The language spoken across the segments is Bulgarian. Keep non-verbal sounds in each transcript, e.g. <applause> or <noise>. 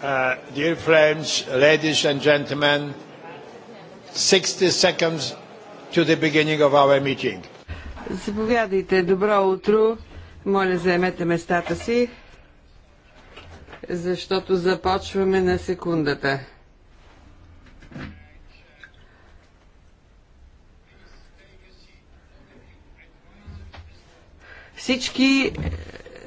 Uh, dear friends, ladies and gentlemen, 60 seconds to the beginning of our meeting. Заповядайте, добро утро. Моля, заемете местата си, защото започваме на секундата. Всички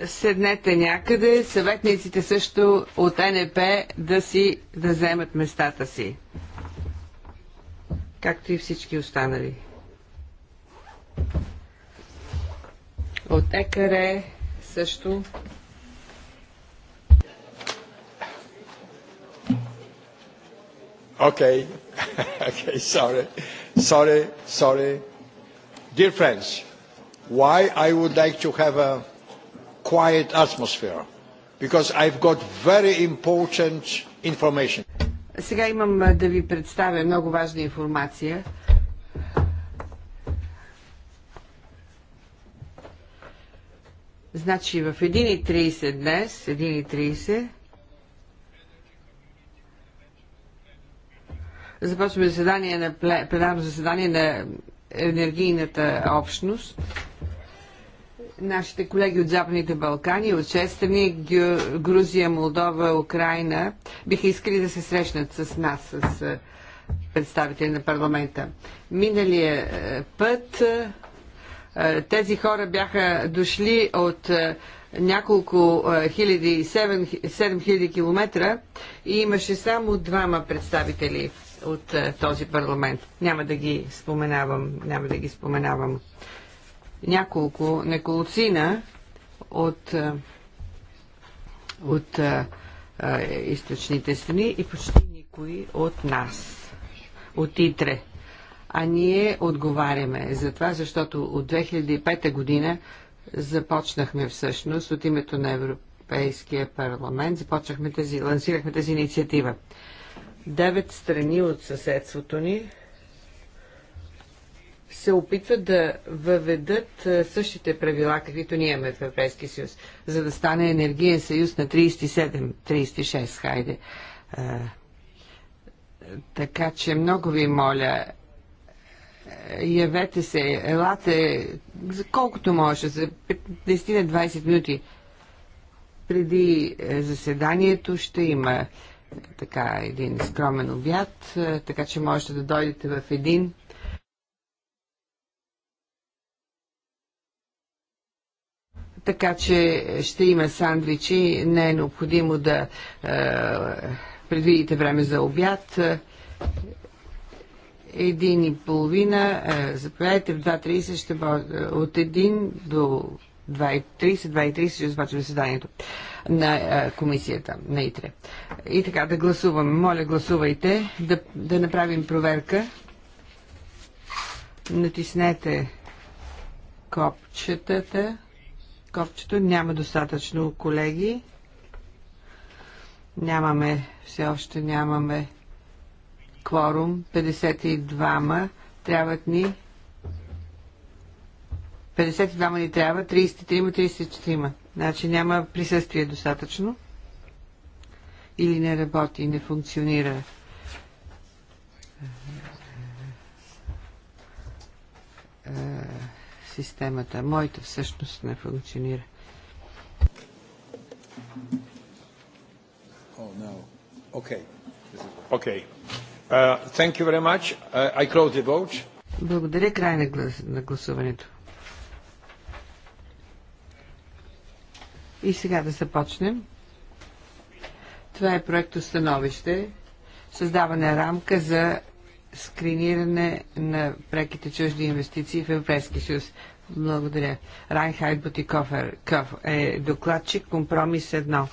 седнете някъде, съветниците също от НП да си, да вземат местата си. Както и всички останали. От ЕКР също. Okay. <laughs> okay, sorry. Sorry, sorry. Dear friends, why I would like to have a quiet atmosphere because I've got very important information. Сега имам да ви представя много важна информация. Значи в 1.30 днес, 1.30, започваме заседание на пленарно заседание на енергийната общност нашите колеги от Западните Балкани, от шест страни, Грузия, Молдова, Украина, биха искали да се срещнат с нас, с е, представители на парламента. Миналия е, път е, тези хора бяха дошли от няколко хиляди, 7 хиляди километра и имаше само двама представители от този парламент. Няма да ги споменавам, няма да ги споменавам няколко, неколцина от, от а, а, източните страни и почти никой от нас, от ИТРЕ. А ние отговаряме за това, защото от 2005 година започнахме всъщност от името на Европейския парламент, започнахме тази, лансирахме тази инициатива. Девет страни от съседството ни се опитват да въведат същите правила, каквито ние имаме в Европейския съюз, за да стане енергиен съюз на 37-36, хайде. А, така че много ви моля, е, явете се, елате, за колкото може, за 15-20 минути преди е, заседанието ще има е, така един скромен обяд, така че можете да дойдете в един така че ще има сандвичи, не е необходимо да е, предвидите време за обяд. Един и половина, е, заповядайте в 2.30, ще бъде от 1 до 2.30, 2.30 ще започва заседанието на е, комисията, на ИТРЕ. И така, да гласуваме. Моля, гласувайте, да, да направим проверка. Натиснете копчетата копчето. Няма достатъчно колеги. Нямаме, все още нямаме кворум. 52-ма трябват ни. 52-ма ни трябва, 33-ма, 34-ма. Значи няма присъствие достатъчно. Или не работи, не функционира. системата. Моята всъщност не функционира. Oh, uh, uh, Благодаря. Край на, глас, на гласуването. И сега да започнем. Това е проект становище. Създаване рамка за скриниране на преките чужди инвестиции в Европейския съюз. Благодаря. Райнхайд Бутикофер Къв е докладчик. Компромис едно.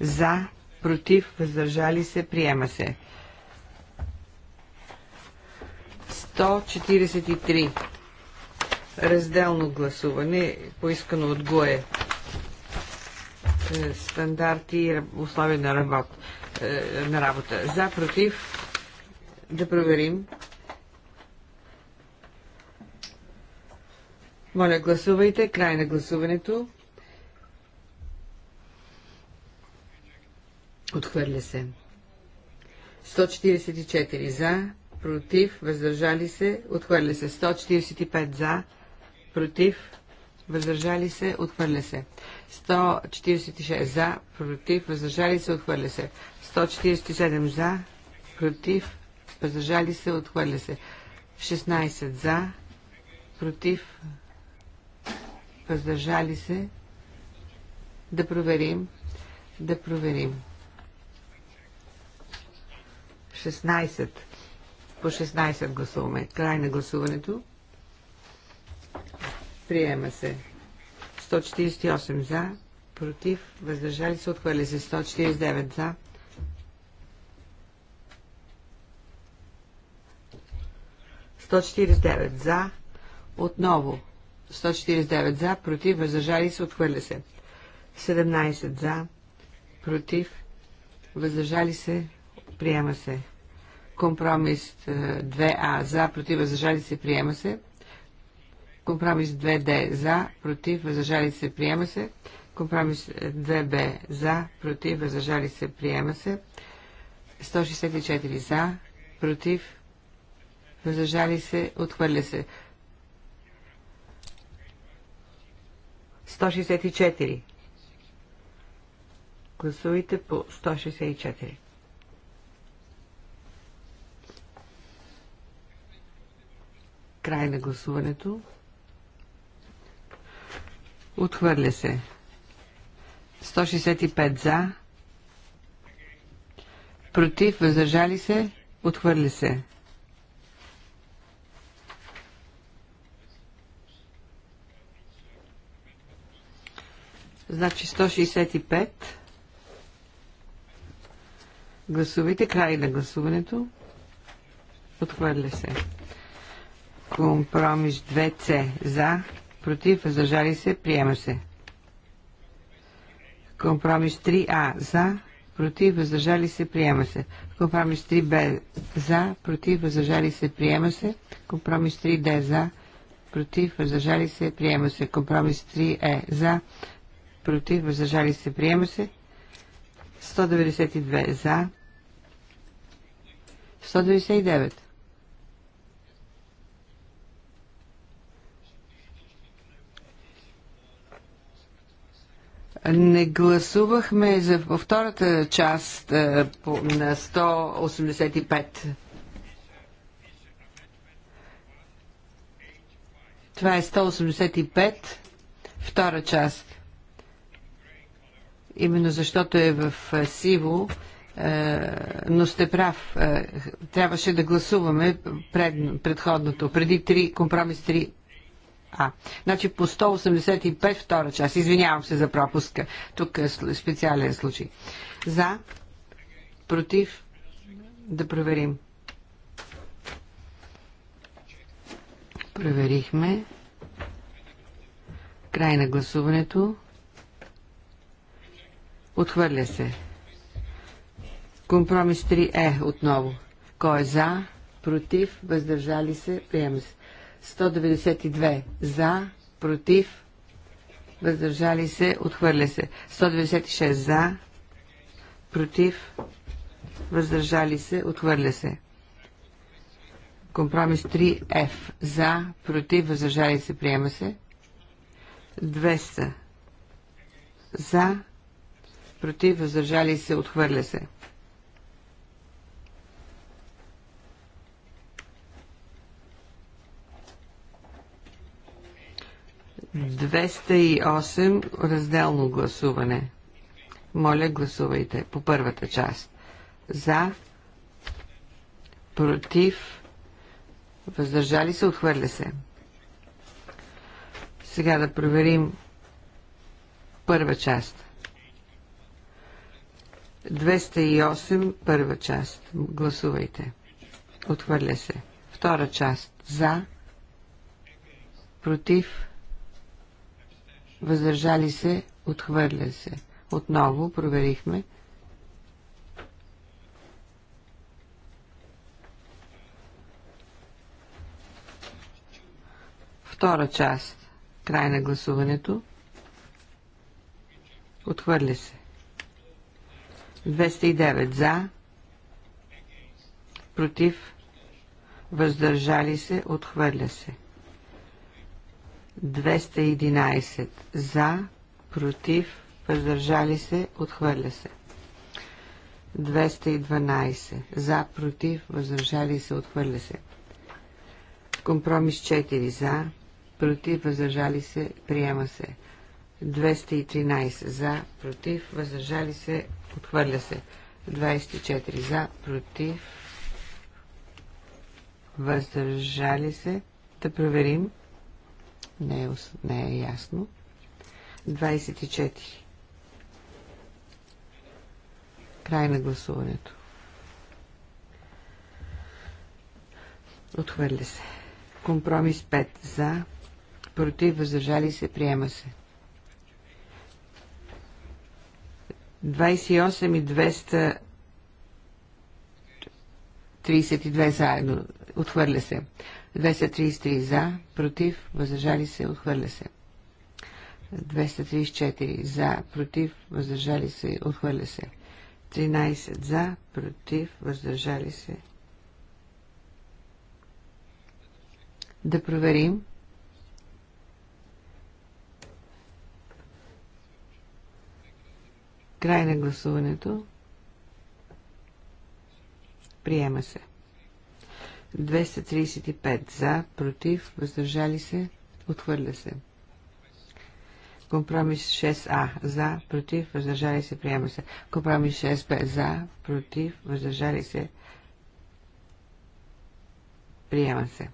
За, против, въздържали се, приема се. 143. Разделно гласуване, поискано от ГОЕ. Е, стандарти и условия на работа. Е, на работа. За, против, да проверим. Моля, гласувайте. Край на гласуването. Отхвърля се. 144 за, против, въздържали се, отхвърля се. 145 за, против, въздържали се, отхвърля се. 146 за, против, въздържали се, отхвърля се. 147 за, против, въздържали се, отхвърля се. 16 за, против, въздържали се. Да проверим, да проверим. 16. По 16 гласуваме. Край на гласуването. Приема се. 148 за, против, въздържали се, отхвърля се. 149 за, 149 за, отново 149 за, против, въздържали се, отхвърля се. 17 за, против, въздържали се, приема се. Компромис 2А е, за, против, въздържали се, приема се. Компромис 2D за, против, въздържали се, приема се. Компромис 2Б е, за, против, въздържали се, приема се. 164 за, против, въздържали се, отхвърля се. 164. Гласувайте по 164. Край на гласуването. Отхвърля се. 165 за. Против, въздържали се, отхвърля се. Значи 165. Гласувайте. Край на гласуването. Отхвърля се. Компромис 2C. За. Против. Въздържали се. Приема се. Компромис 3А. За. Против. Въздържали се. Приема се. Компромис 3Б. За. Против. Въздържали се. Приема се. Компромис 3Д. За. Против. Въздържали се. Приема се. Компромис 3Е. За против, въздържали се, приема се. 192 за. 199. Не гласувахме за втората част е, на 185. Това е 185, втора част именно защото е в е, сиво, е, но сте прав. Е, трябваше да гласуваме пред, предходното, преди 3, компромис 3 а, значи по 185 втора част. Извинявам се за пропуска. Тук е специален случай. За, против, да проверим. Проверихме. Край на гласуването. Отхвърля се. Компромис 3Е отново. Кой е за? Против? Въздържали се? Приема се. 192 за, против, въздържали се, отхвърля се. 196 за, против, въздържали се, отхвърля се. Компромис 3F за, против, въздържали се, приема се. 200 за, против, въздържали се, отхвърля се. Двеста и осем разделно гласуване. Моля, гласувайте по първата част. За, против, въздържали се, отхвърля се. Сега да проверим първа част. 208, първа част. Гласувайте. Отхвърля се. Втора част. За. Против. Въздържали се. Отхвърля се. Отново проверихме. Втора част. Край на гласуването. Отхвърля се. 209 за, против, въздържали се, отхвърля се. 211 за, против, въздържали се, отхвърля се. 212 за, против, въздържали се, отхвърля се. Компромис 4 за, против, въздържали се, приема се. 213 за, против, въздържали се, Отхвърля се. 24 за, против, въздържали се. Да проверим. Не е, не е ясно. 24. Край на гласуването. Отхвърля се. Компромис 5 за, против, въздържали се, приема се. 28 и 200 32 заедно. Отхвърля се. 233 за, против, въздържали се, отхвърля се. 234 за, против, въздържали се, отхвърля се. 13 за, против, въздържали се. Да проверим. Край на гласуването. Приема се. 235 за, против, въздържали се, отхвърля се. Компромис 6А за, против, въздържали се, приема се. Компромис 6Б за, против, въздържали се, приема се.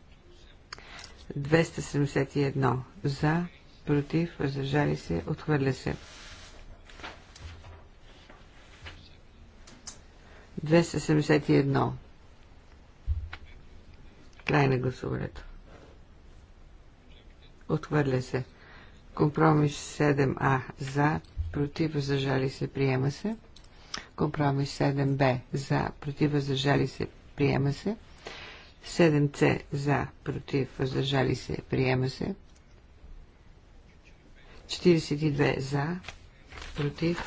271 за, против, въздържали се, отхвърля се. 271. Край на гласуването. Отхвърля се. Компромис 7А за, против, въздържали се, приема се. Компромис 7Б за, против, въздържали се, приема се. 7C за, против, въздържали се, приема се. 42 за, против,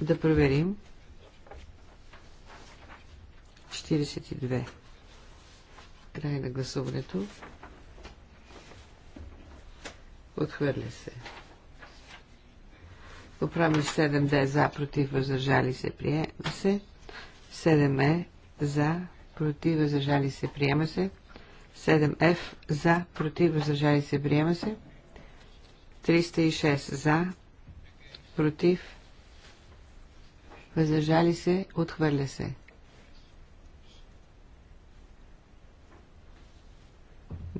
да проверим. 42. Край на гласуването. Отхвърля се. Поправиш 7D за, против, въздържали се, приема се. 7E е за, против, въздържали се, приема се. 7F за, против, въздържали се, приема се. 306 за, против, въздържали се, отхвърля се.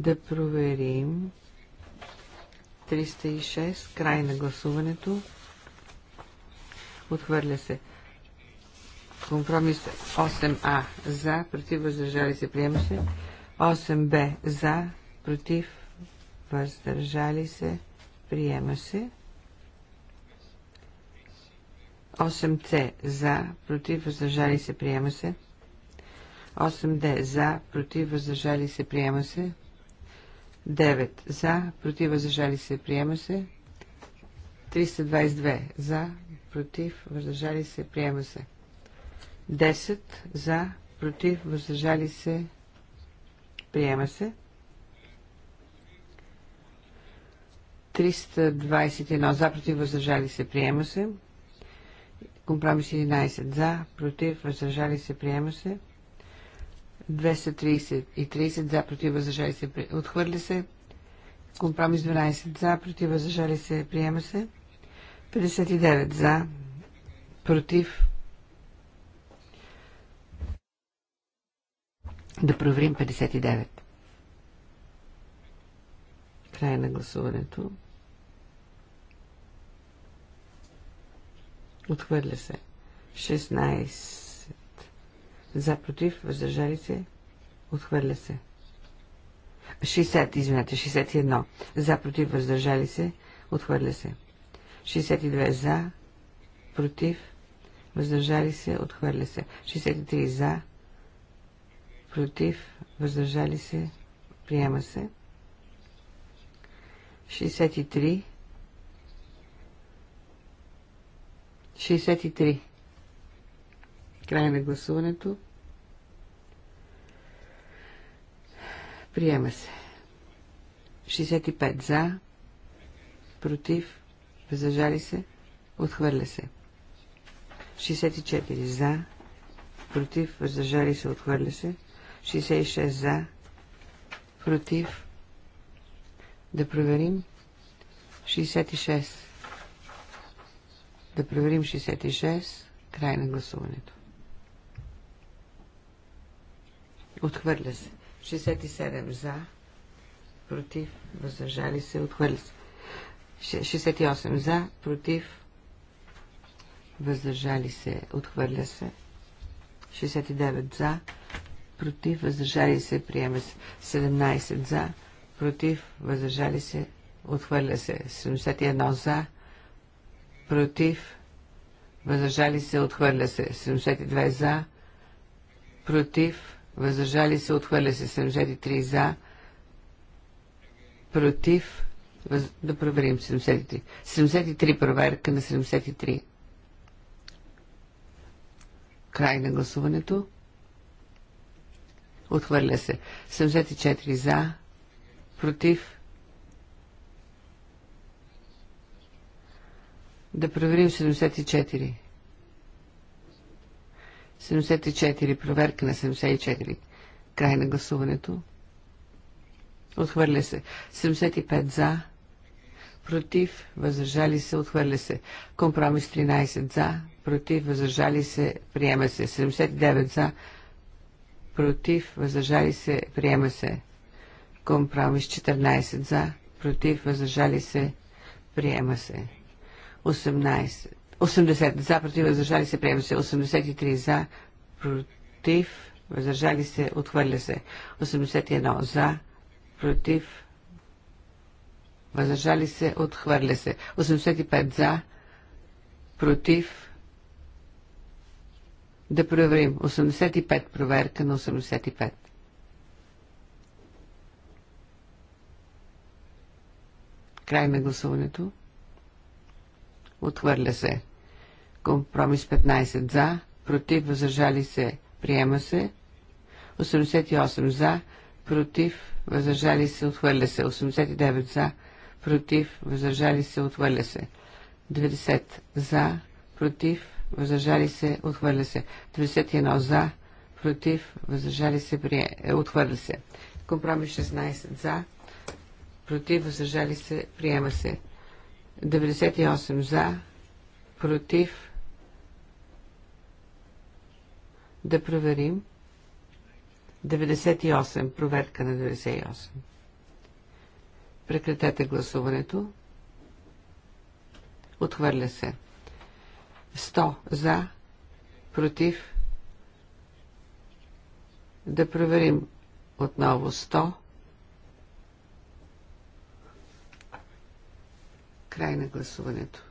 Да проверим. 306, край на гласуването. Отхвърля се. Компромис 8А за, против, въздържали се, приема се. 8Б за, против, въздържали се, приема се. 8C за, против, въздържали се, приема се. 8D за, против, въздържали се, приема се. 9 за, против, въздържали се, приема се. 322 за, против, въздържали се, приема се. 10 за, против, въздържали се, приема се. 321 за, против, въздържали се, приема се. Компромис 11 за, против, въздържали се, приема се. 230 и 30 за, против, въздържали се, отхвърля се. Компромис 12 за, против, въздържали се, приема се. 59 за, против. Да проверим 59. Край на гласуването. Отхвърля се. 16. За, против, въздържали се. Отхвърля се. 60, извинете, 61. За, против, въздържали се. Отхвърля се. 62. За, против, въздържали се. Отхвърля се. 63. За, против, въздържали се. Приема се. 63. 63. Край на гласуването. Приема се. 65 за, против, въздържали се, отхвърля се. 64 за, против, въздържали се, отхвърля се. 66 за, против, да проверим. 66. Да проверим 66. Край на гласуването. Отхвърля се. 67 за. Против. Въздържали се. Отхвърля се. 68 за. Против. Въздържали се. Отхвърля се. 69 за. Против. Въздържали се. Приема се. 17 за. Против. Въздържали се. Отхвърля се. 71 за против, въздържали се, отхвърля се. 72 за, против, въздържали се, отхвърля се. 73 за, против, въз... да проверим 73. 73 проверка на 73. Край на гласуването. Отхвърля се. 74 за, против, Да проверим 74. 74. Проверка на 74. Край на гласуването. Отхвърля се. 75 за. Против. Въздържали се. Отхвърля се. Компромис 13 за. Против. Въздържали се. Приема се. 79 за. Против. Въздържали се. Приема се. Компромис 14 за. Против. Въздържали се. Приема се. 18. 80 за, против, въздържали се, приема се. 83 за, против, въздържали се, отхвърля се. 81 за, против, въздържали се, отхвърля се. 85 за, против, да проверим. 85 проверка на 85. Край на гласуването. Отхвърля се. Компромис 15 за, против, въздържали се, приема се. 88 за, против, въздържали се, отхвърля се. 89 за, против, въздържали се, отхвърля се. 90 за, против, въздържали се, отхвърля се. 91 за, против, въздържали се, прие... Е, отхвърля се. Компромис 16 за, против, въздържали се, приема се. 98 за, против. Да проверим. 98. Проверка на 98. Прекратете гласуването. Отхвърля се. 100 за, против. Да проверим отново 100. Край на гласуването.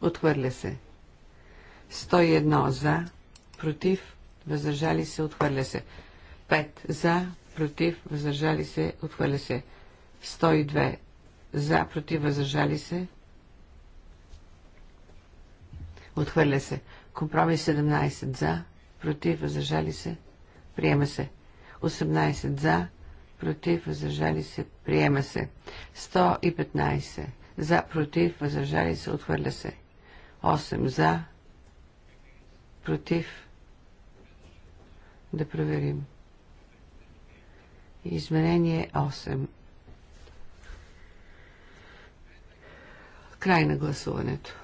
Отхвърля се. 101 за, против, въздържали се, отхвърля се. 5 за, против, въздържали се, отхвърля се. 102 за, против, въздържали се. Отхвърля се. Компромис 17 за, против, въздържали се. Приема се. 18 за, против, въздържали се, приема се. 115. За, против, въздържали се, отхвърля се. 8. За, против, да проверим. Изменение 8. Край на гласуването.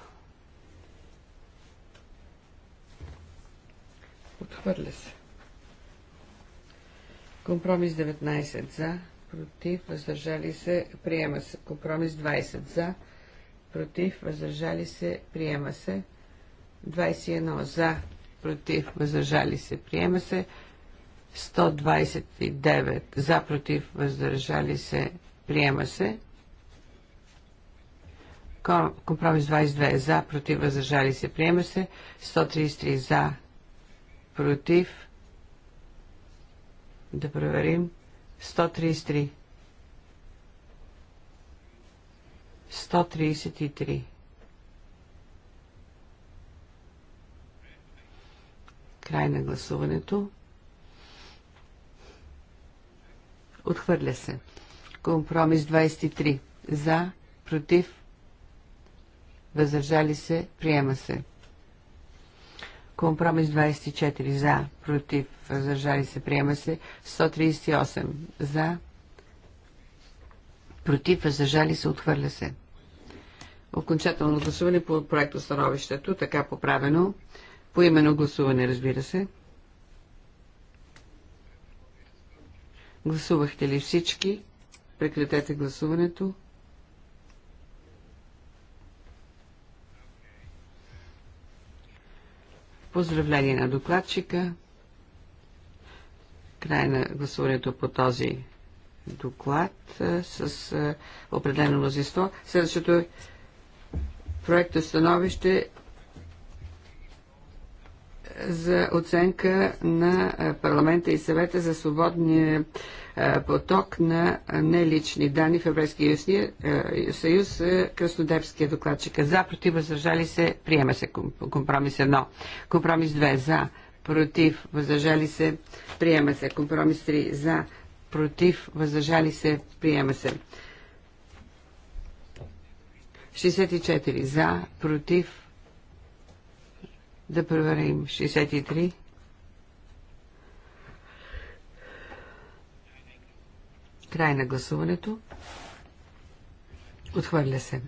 Отхвърля се. Компромис 19 за, против, въздържали се, приема се. Компромис 20 за, против, въздържали се, приема се. 21 за, против, въздържали се, приема се. 129 за, против, въздържали се, приема се. Компромис 22 за, против, въздържали се, приема се. 133 за, против, да проверим. 133. 133. Край на гласуването. Отхвърля се. Компромис 23. За, против, въздържали се, приема се. Компромис 24. За, против, въздържали се, приема се. 138 за, против, въздържали се, отхвърля се. Окончателно гласуване по проекто становището, така поправено. По именно гласуване, разбира се. Гласувахте ли всички? Прекратете гласуването. Поздравление на докладчика. Край на гласуването по този доклад с определено мнозинство. Следващото е проекто становище за оценка на парламента и съвета за свободния поток на нелични данни в Европейския съюз. Краснодепския докладчика за, против, въздържали се, приема се компромис 1. Компромис 2 за, против, въздържали се, приема се. Компромис 3 за, против, въздържали се, приема се. 64 за, против, да проверим 63. Край на гласуването. Отхвърля се.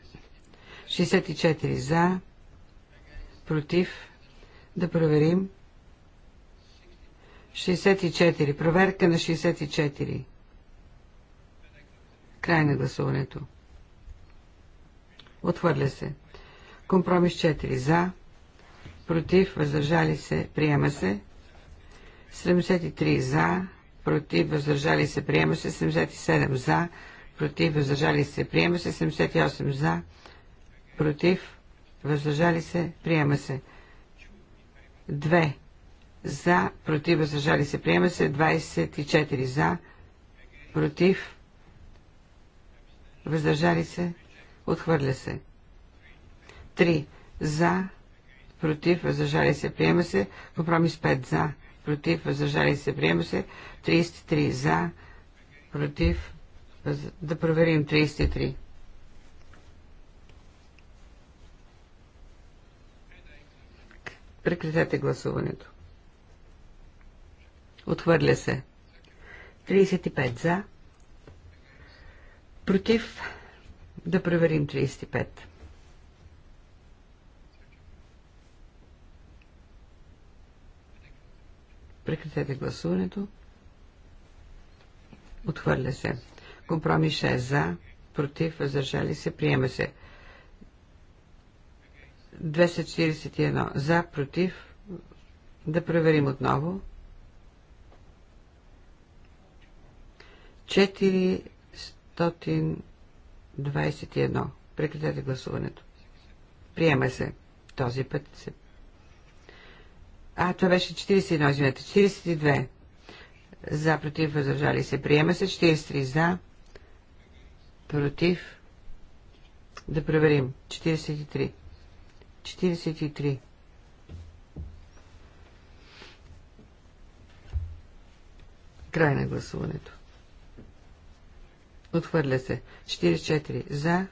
64 за, против, да проверим 63. 64. Проверка на 64. Край на гласуването. Отхвърля се. Компромис 4. За. Против. Въздържали се. Приема се. 73. За. Против. Въздържали се. Приема се. 77. За. Против. Въздържали се. Приема се. 78. За. Против. Въздържали се. Приема се. 2 за, против, въздържали се, приема се, 24 за, против, въздържали се, отхвърля се. 3 за, против, въздържали се, приема се, компромис 5 за, против, въздържали се, приема се, 33 за, против, да проверим 33. Прекратете гласуването. Отхвърля се. 35 за. Против. Да проверим 35. Прекратете гласуването. Отхвърля се. Компромис 6 за, против, въздържали се, приема се. 241 за, против. Да проверим отново. 421. Прекратете гласуването. Приема се. Този път се... А, това беше 41, извинете. 42. За, против, въздържали се. Приема се. 43 за. Против. Да проверим. 43. 43. Край на гласуването. Отхвърля се. 44. За.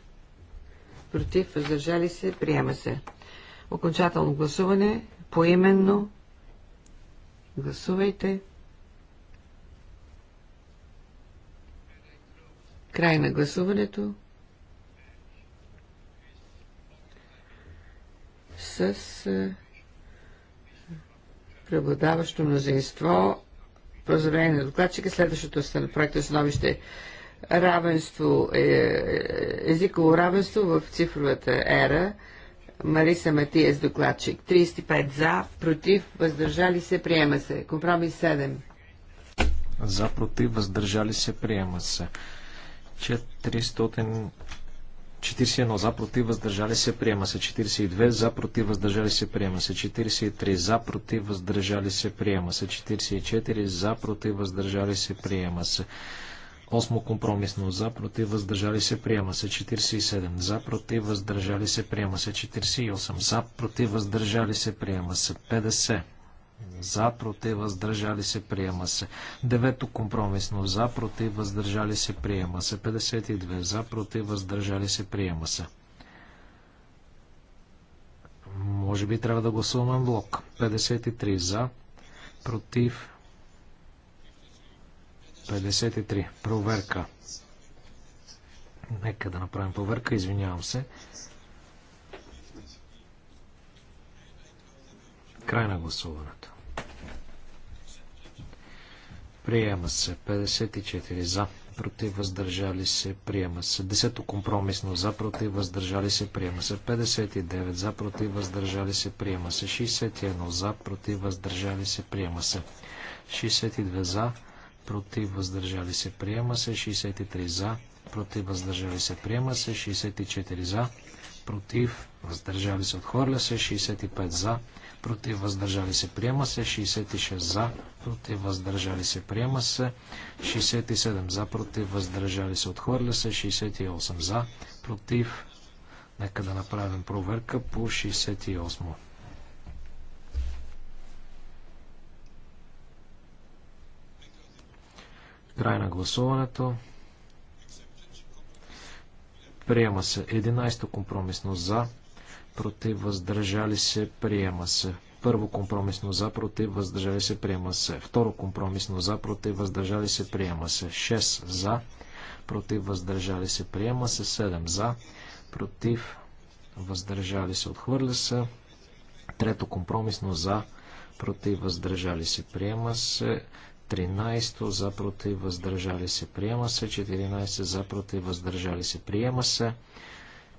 Против. Въздържали се. Приема се. Окончателно гласуване. Поименно. Гласувайте. Край на гласуването. С преобладаващо мнозинство. Поздравление на докладчика. Следващото е проекта становище равенство, е, е, езиково равенство в цифровата ера. Мариса Матиес, докладчик. 35 за, против, въздържали се, приема се. Компромис 7. За, против, въздържали се, приема се. 400... 41 за, против, въздържали се, приема се. 42 за, против, въздържали се, приема се. 43 за, против, въздържали се, приема се. 44 за, против, въздържали се, приема се. 8 компромисно за, против, въздържали се, приема се 47 за, против, въздържали се, приема се 48 за, против, въздържали се, приема се 50 за, против, въздържали се, приема се. Девето компромисно за, против, въздържали се, приема се. 52 за, против, въздържали се, приема се. Може би трябва да гласуваме блок. 53 за, против, 53. Проверка. Нека да направим проверка, извинявам се. Край на гласуването. Приема се 54 за, против въздържали се, приема се 10 компромисно за, против въздържали се, приема се 59 за, против въздържали се, приема се 61 за, против въздържали се, приема се 62 за, против въздържали се, приема се 63 за, против въздържали се, приема се 64 за, против въздържали се, отхвърля се 65 за, против въздържали се, приема се 66 за, против въздържали се, приема се 67 за, против въздържали се, отхвърля се 68 за, против Нека да направим проверка по 68. Край на гласуването. Приема се 11-то компромисно за, против въздържали се, приема се. Първо компромисно за, против въздържали се, приема се. Второ компромисно за, против въздържали се, приема се. 6 за, против въздържали се, приема се. 7 за, против въздържали се, отхвърля се. Трето компромисно за, против въздържали се, приема се. 13 за против въздържали се приема се, 14 за против въздържали се приема се,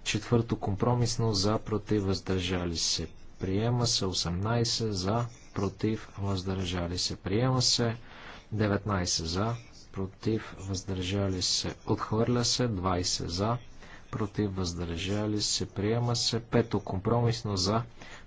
четвърто компромисно за против въздържали се приема се, 18 за против въздържали се приема се, 19 за против въздържали се отхвърля се, 20 за против въздържали се приема се, пето компромисно за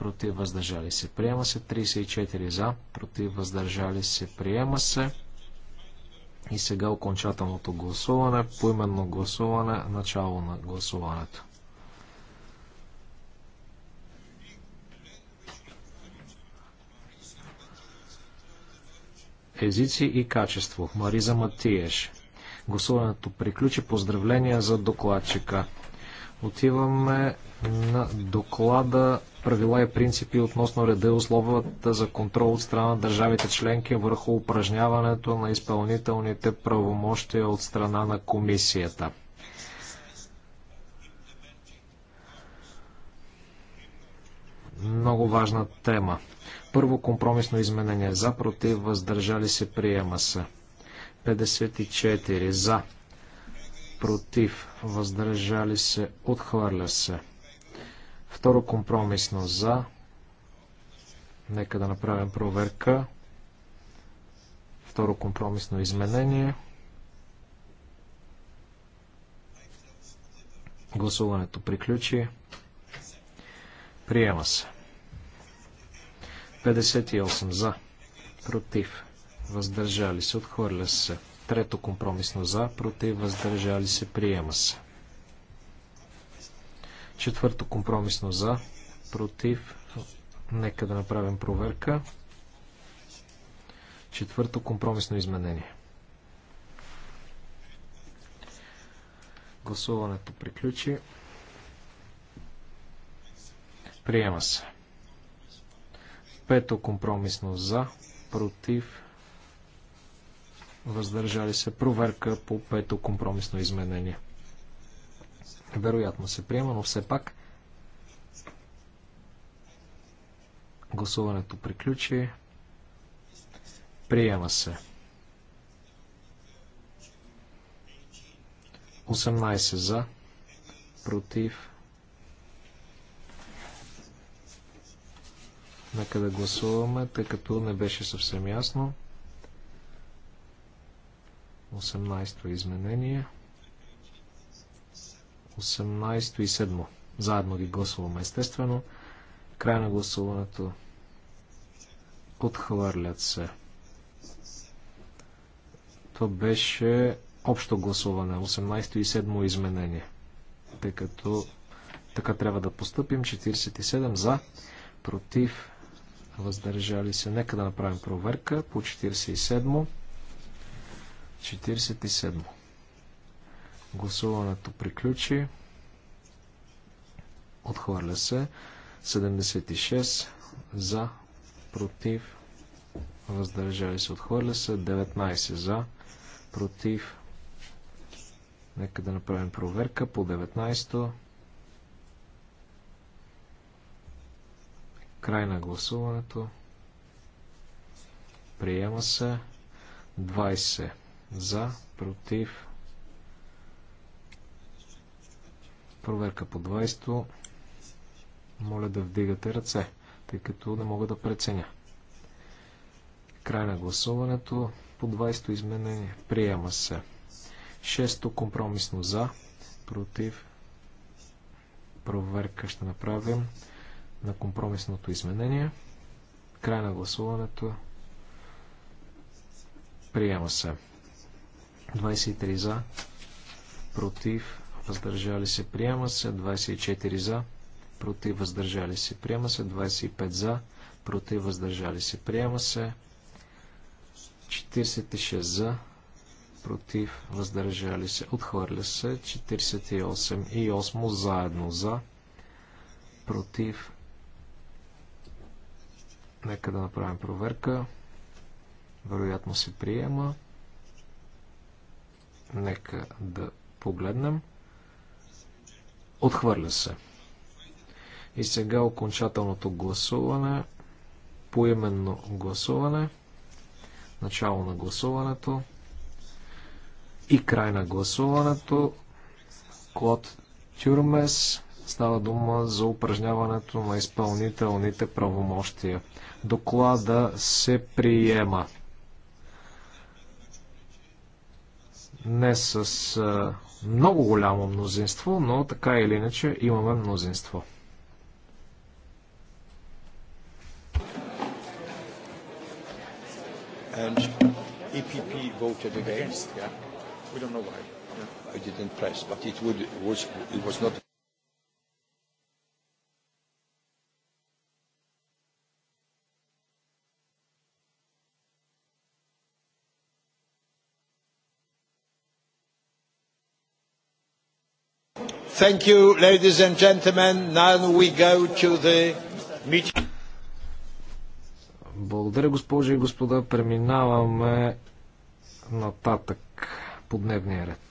против въздържали се, приема се. 34 за, против въздържали се, приема се. И сега окончателното гласуване, поименно гласуване, начало на гласуването. Езици и качество. Мариза Матиеш. Гласуването приключи. Поздравления за докладчика. Отиваме на доклада правила и принципи относно реда и условията за контрол от страна на държавите членки върху упражняването на изпълнителните правомощия от страна на комисията. Много важна тема. Първо компромисно изменение. За, против, въздържали се, приема се. 54. За, против, въздържали се, отхвърля се. Второ компромисно за. Нека да направим проверка. Второ компромисно изменение. Гласуването приключи. Приема се. 58 за. Против. Въздържали се. Отхвърля се. Трето компромисно за. Против. Въздържали се. Приема се. Четвърто компромисно за, против. Нека да направим проверка. Четвърто компромисно изменение. Гласуването приключи. Приема се. Пето компромисно за, против, въздържали се проверка по пето компромисно изменение. Вероятно се приема, но все пак гласуването приключи. Приема се. 18 за, против. Нека да гласуваме, тъй като не беше съвсем ясно. 18 изменение. 18 и 7. Заедно ги гласуваме, естествено. Край на гласуването. Отхвърлят се. То беше общо гласуване, 18 и 7 изменение. Тъй като така трябва да поступим. 47 за, против, въздържали се. Нека да направим проверка по 47. 47. Гласуването приключи. Отхвърля се. 76 за, против, въздържали се. Отхвърля се. 19 за, против. Нека да направим проверка по 19-то. Край на гласуването. Приема се. 20 за, против, Проверка по 20. Моля да вдигате ръце, тъй като не мога да преценя. Край на гласуването. По 20 изменение приема се. 6 компромисно за, против. Проверка ще направим на компромисното изменение. Край на гласуването. Приема се. 23 за, против въздържали се, приема се, 24 за, против, въздържали се, приема се, 25 за, против, въздържали се, приема се, 46 за, против, въздържали се, отхвърля се, 48 и 8 заедно за, против, нека да направим проверка, вероятно се приема, нека да погледнем. Отхвърля се. И сега окончателното гласуване, поименно гласуване, начало на гласуването и край на гласуването. Клод Тюрмес става дума за упражняването на изпълнителните правомощия. Доклада се приема. Не с много голямо мнозинство, но така или иначе имаме мнозинство. And EPP voted against, yeah. We don't know why. Yeah. I didn't press, but it, would, was, it was not. Thank you, ladies and gentlemen. Now we go to the meeting. Благодаря, госпожи и господа. Преминаваме нататък по дневния ред.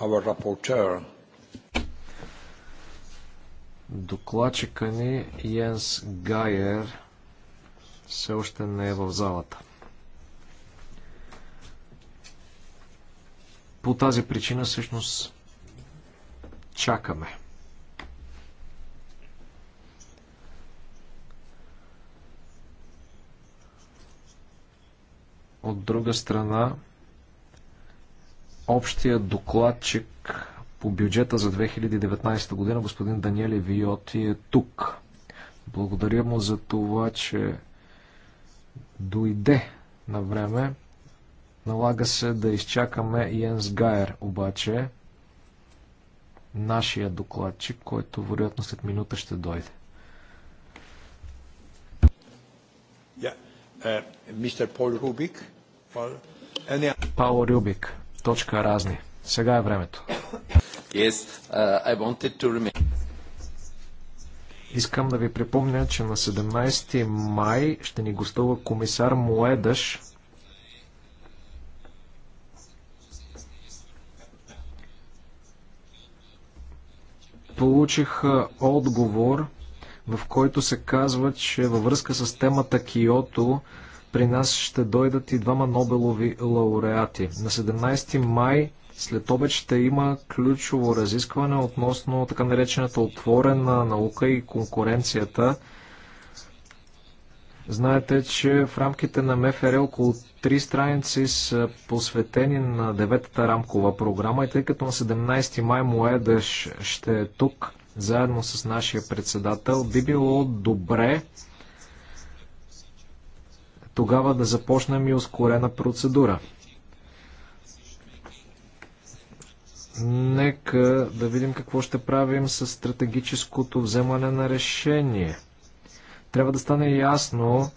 our rapporteur. Докладчика ни Йенс Гайер все още не е в залата. По тази причина всъщност чакаме. От друга страна, общия докладчик по бюджета за 2019 година, господин Даниели Виоти, е тук. Благодаря му за това, че дойде на време. Налага се да изчакаме Йенс Гайер, обаче нашия докладчик, който вероятно след минута ще дойде. Uh, мистер Пол Рубик. Пао uh, Рубик точка разни. Сега е времето. Yes, uh, I wanted to remain. Искам да ви припомня, че на 17 май ще ни гостува комисар Моедаш. Получих отговор, в който се казва, че във връзка с темата Киото, при нас ще дойдат и двама Нобелови лауреати. На 17 май след обед ще има ключово разискване относно така наречената отворена наука и конкуренцията. Знаете, че в рамките на МФР около три страници са посветени на деветата рамкова програма и тъй като на 17 май Моедъш ще е тук, заедно с нашия председател, би било добре тогава да започнем и ускорена процедура. Нека да видим какво ще правим с стратегическото вземане на решение. Трябва да стане ясно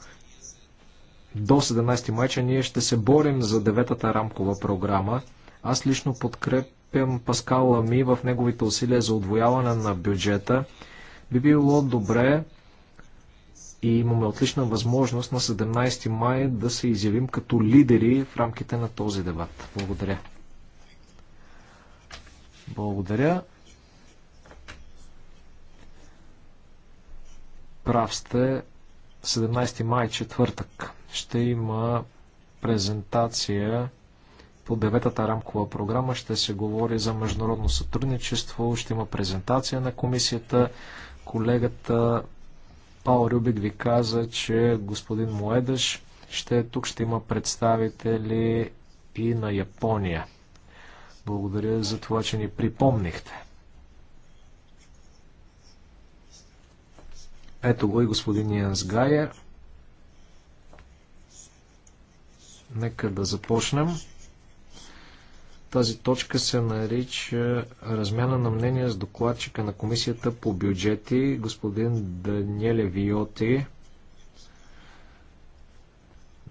до 17 май, че ние ще се борим за деветата рамкова програма. Аз лично подкрепям Паскал Лами в неговите усилия за отвояване на бюджета. Би било добре и имаме отлична възможност на 17 май да се изявим като лидери в рамките на този дебат. Благодаря. Благодаря. Прав сте. 17 май, четвъртък, ще има презентация по деветата рамкова програма. Ще се говори за международно сътрудничество, ще има презентация на комисията. Колегата Пао Рюбик ви каза, че господин Моедаш ще е тук ще има представители и на Япония. Благодаря за това, че ни припомнихте. Ето го и господин Янс Гайер. Нека да започнем. Тази точка се нарича размяна на мнения с докладчика на Комисията по бюджети, господин Даниеле Виоти.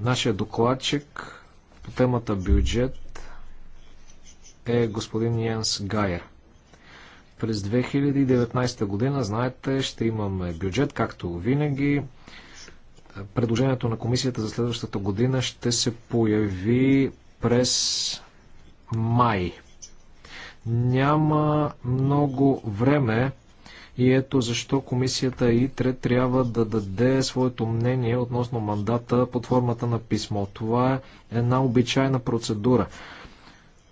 Нашия докладчик по темата бюджет е господин Янс Гайер. През 2019 година, знаете, ще имаме бюджет, както винаги. Предложението на комисията за следващата година ще се появи през май. Няма много време и ето защо комисията ИТРЕ трябва да даде своето мнение относно мандата под формата на писмо. Това е една обичайна процедура.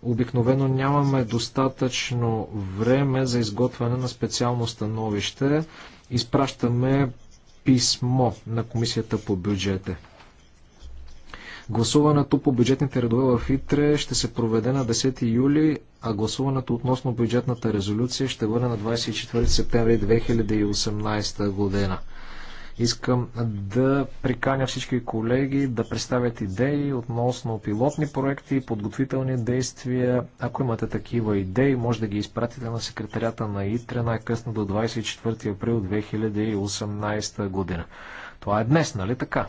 Обикновено нямаме достатъчно време за изготвяне на специално становище. Изпращаме писмо на комисията по бюджете. Гласуването по бюджетните редове в ИТРЕ ще се проведе на 10 юли, а гласуването относно бюджетната резолюция ще бъде на 24 септември 2018 година. Искам да приканя всички колеги да представят идеи относно пилотни проекти, подготвителни действия. Ако имате такива идеи, може да ги изпратите на секретарята на ИТРЕ най-късно до 24 април 2018 година. Това е днес, нали така?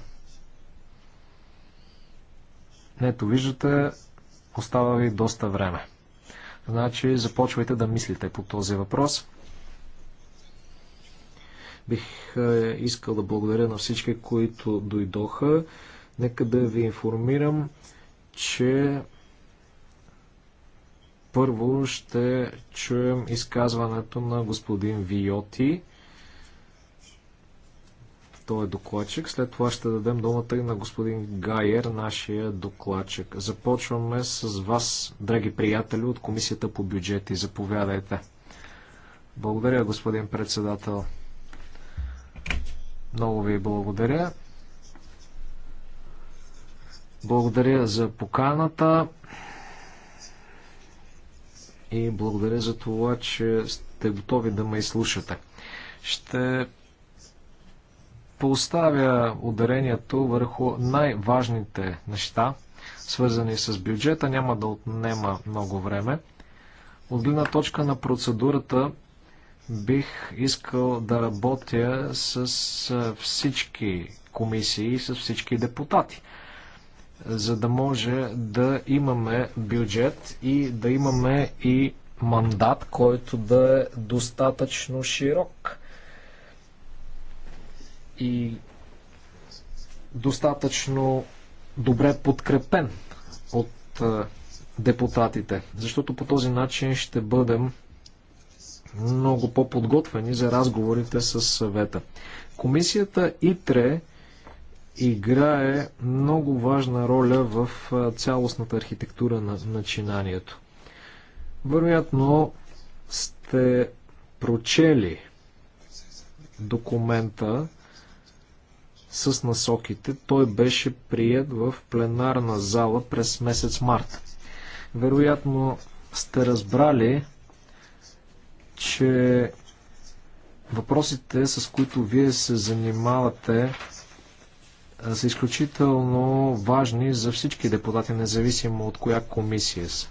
Нето виждате, остава ви доста време. Значи започвайте да мислите по този въпрос. Бих е, искал да благодаря на всички, които дойдоха. Нека да ви информирам, че първо ще чуем изказването на господин Виоти. Той е докладчик. След това ще дадем думата и на господин Гайер, нашия докладчик. Започваме с вас, драги приятели от Комисията по бюджети. Заповядайте. Благодаря, господин председател. Много ви благодаря. Благодаря за поканата и благодаря за това, че сте готови да ме изслушате. Ще поставя ударението върху най-важните неща, свързани с бюджета. Няма да отнема много време. От гледна точка на процедурата бих искал да работя с всички комисии и с всички депутати, за да може да имаме бюджет и да имаме и мандат, който да е достатъчно широк и достатъчно добре подкрепен от е, депутатите, защото по този начин ще бъдем много по-подготвени за разговорите с съвета. Комисията ИТРЕ играе много важна роля в е, цялостната архитектура на начинанието. Вероятно сте прочели документа с насоките. Той беше прият в пленарна зала през месец март. Вероятно сте разбрали, че въпросите, с които вие се занимавате, са изключително важни за всички депутати, независимо от коя комисия са.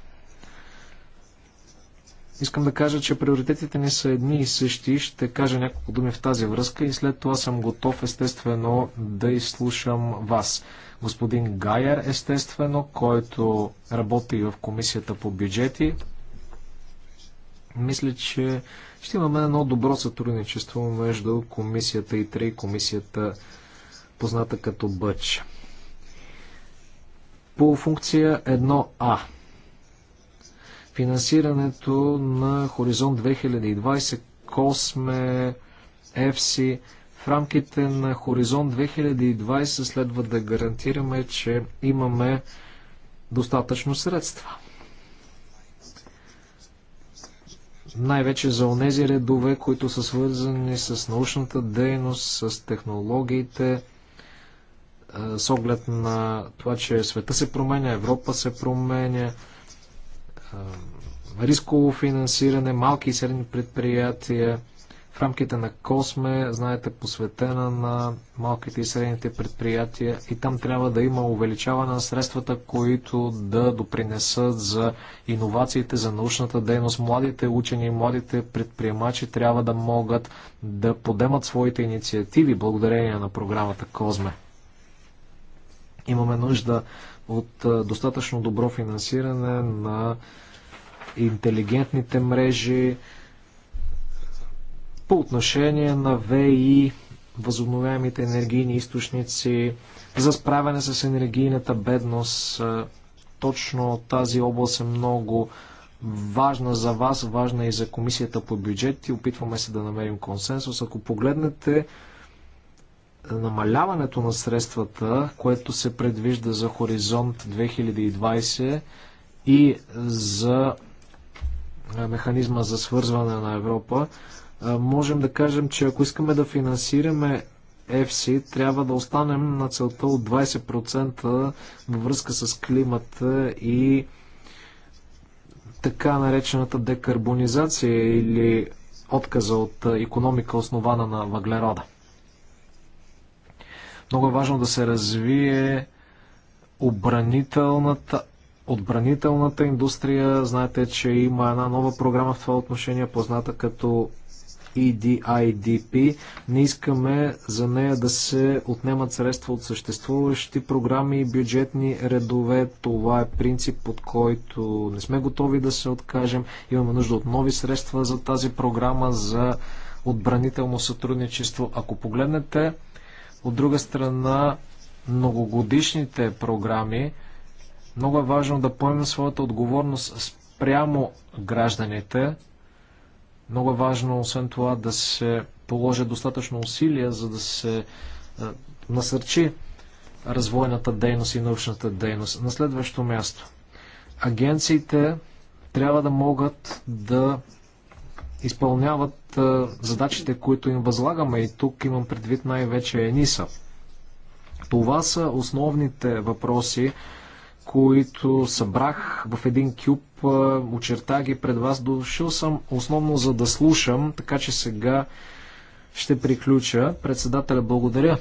Искам да кажа, че приоритетите ни са едни и същи. Ще кажа няколко думи в тази връзка и след това съм готов естествено да изслушам вас. Господин Гайер, естествено, който работи в комисията по бюджети. Мисля, че ще имаме едно добро сътрудничество между комисията и и комисията позната като БЪЧ. По функция 1А финансирането на Хоризонт 2020, Косме, ЕФСИ. В рамките на Хоризонт 2020 следва да гарантираме, че имаме достатъчно средства. Най-вече за онези редове, които са свързани с научната дейност, с технологиите, е, с оглед на това, че света се променя, Европа се променя, рисково финансиране, малки и средни предприятия. В рамките на Косме, знаете, посветена на малките и средните предприятия и там трябва да има увеличаване на средствата, които да допринесат за иновациите, за научната дейност. Младите учени и младите предприемачи трябва да могат да подемат своите инициативи благодарение на програмата Козме. Имаме нужда от достатъчно добро финансиране на интелигентните мрежи по отношение на ВИ, възобновяемите енергийни източници, за справяне с енергийната бедност. Точно тази област е много важна за вас, важна и за комисията по бюджет и опитваме се да намерим консенсус. Ако погледнете намаляването на средствата, което се предвижда за Хоризонт 2020 и за механизма за свързване на Европа, можем да кажем, че ако искаме да финансираме EFSI, трябва да останем на целта от 20% във връзка с климата и така наречената декарбонизация или отказа от економика основана на въглерода. Много е важно да се развие обранителната, отбранителната индустрия. Знаете, че има една нова програма в това отношение, позната като EDIDP. Не искаме за нея да се отнемат средства от съществуващи програми и бюджетни редове. Това е принцип, от който не сме готови да се откажем. Имаме нужда от нови средства за тази програма за отбранително сътрудничество. Ако погледнете от друга страна, многогодишните програми, много е важно да поемем своята отговорност спрямо гражданите. Много е важно, освен това, да се положи достатъчно усилия, за да се е, насърчи развойната дейност и научната дейност. На следващо място. Агенциите трябва да могат да изпълняват задачите, които им възлагаме и тук имам предвид най-вече ЕНИСА. Това са основните въпроси, които събрах в един кюб, очерта ги пред вас. Дошъл съм основно за да слушам, така че сега ще приключа. Председателя, благодаря,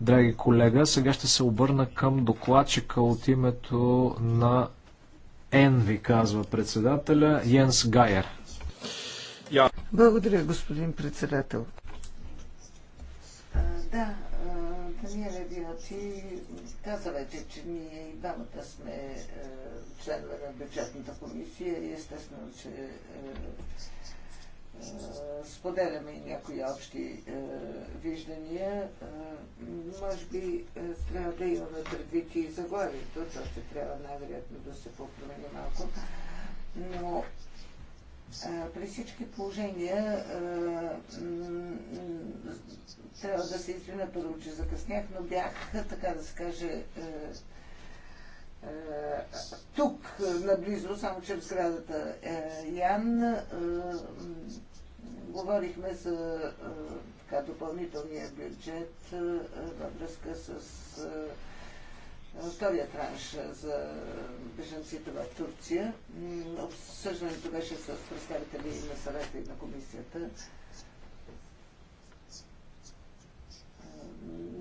драги колега. Сега ще се обърна към докладчика от името на Енви, казва председателя, Йенс Гайер. Благодаря, господин председател. Да, Таниеля Диоти каза вече, че ние и двамата сме е, членове на бюджетната комисия и естествено, че е, е, споделяме и някои общи виждания. Може би трябва да имаме предвид и заглавието, то ще трябва най-вероятно да се попромени малко. Но при всички положения трябва да се извиня първо, че закъснях, но бях, така да се каже, тук, наблизо, само че в сградата е, Ян, говорихме за така, допълнителния бюджет във връзка с втория транш за беженците в Турция. Обсъждането беше с представители на съвета и на комисията.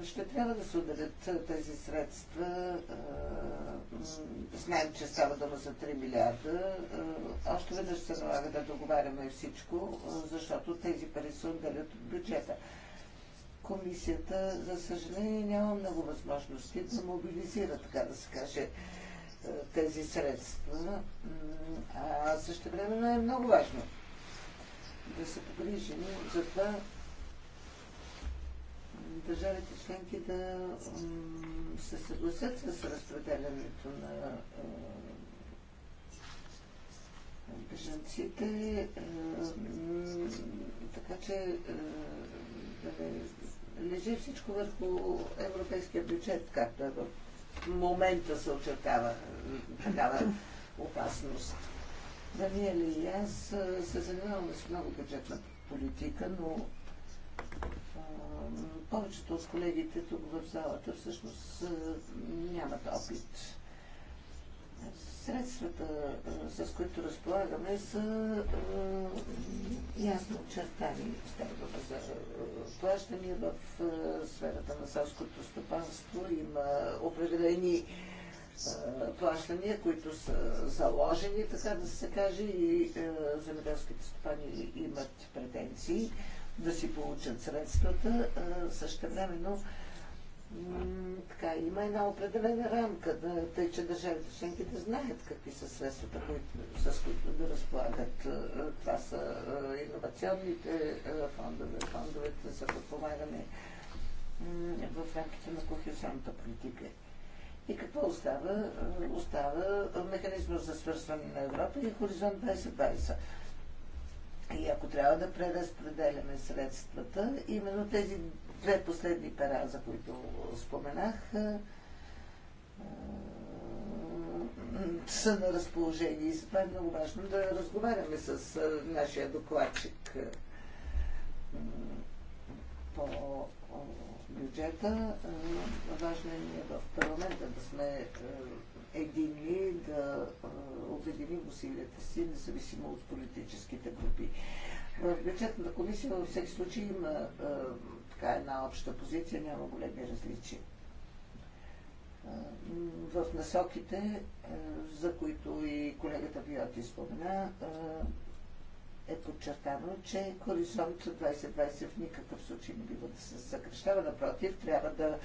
Ще трябва да се отделят тези средства. Знаем, че става дума за 3 милиарда. Е, още веднъж се налага да договаряме всичко, е, защото тези пари се отделят от бюджета комисията, за съжаление, няма много възможности да мобилизира, така да се каже, е, тези средства. А също времено е много важно да се погрижим за това държавите членки да се съгласят с разпределянето на е, бежанците, е, така че да не лежи всичко върху европейския бюджет, както е в момента се очертава такава опасност. Даниел и е аз се занимаваме с много бюджетна политика, но повечето от колегите тук в залата всъщност нямат опит Средствата, с които разполагаме, са ясно очертани за плащания в сферата на селското стопанство. Има определени плащания, които са заложени, така да се каже, и земеделските стопани имат претенции да си получат средствата. Същевременно времено така, има една определена рамка, да, тъй че държавите членки да знаят какви са средствата, които, с които да разполагат. Е, това са е, иновационните е, фондове, фондовете за подпомагане в рамките на кохезионната политика. И какво остава? Остава механизма за свързване на Европа и Хоризонт 2020. И ако трябва да преразпределяме средствата, именно тези две последни пера, за които споменах, са на разположение. И затова е много важно да разговаряме с нашия докладчик по бюджета. Важно е ние в парламента да сме единни, да обединим усилията си, независимо от политическите групи. В бюджетната комисия във всеки случай има така една обща позиция, няма големи различия. В насоките, за които и колегата Биоти спомена, е подчертано, че хоризонт 2020 в никакъв случай не бива да се съкрещава. Напротив, трябва да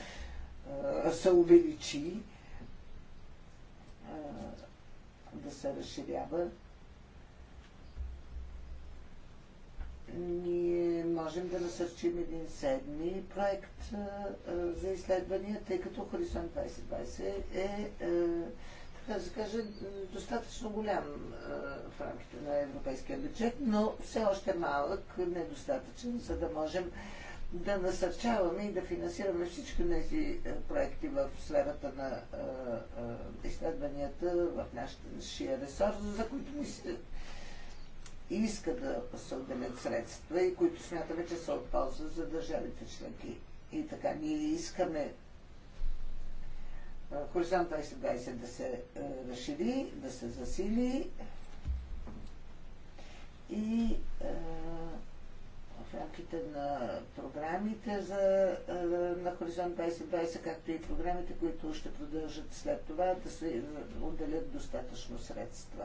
се увеличи, да се разширява ние можем да насърчим един седми проект за изследвания, тъй като Хорисон 2020 е, е, така да се каже, достатъчно голям в рамките на европейския бюджет, но все още малък, недостатъчен, за да можем да насърчаваме и да финансираме всички тези е, проекти в сферата на е, изследванията в нашия ресурс, за които мисля, иска да се отделят средства и които смятаме, че са от полза за държавите членки. И така ние искаме Хоризонт 2020 да се разшири, да се засили и в рамките на програмите за, на Хоризонт 2020, както и програмите, които ще продължат след това, да се отделят достатъчно средства.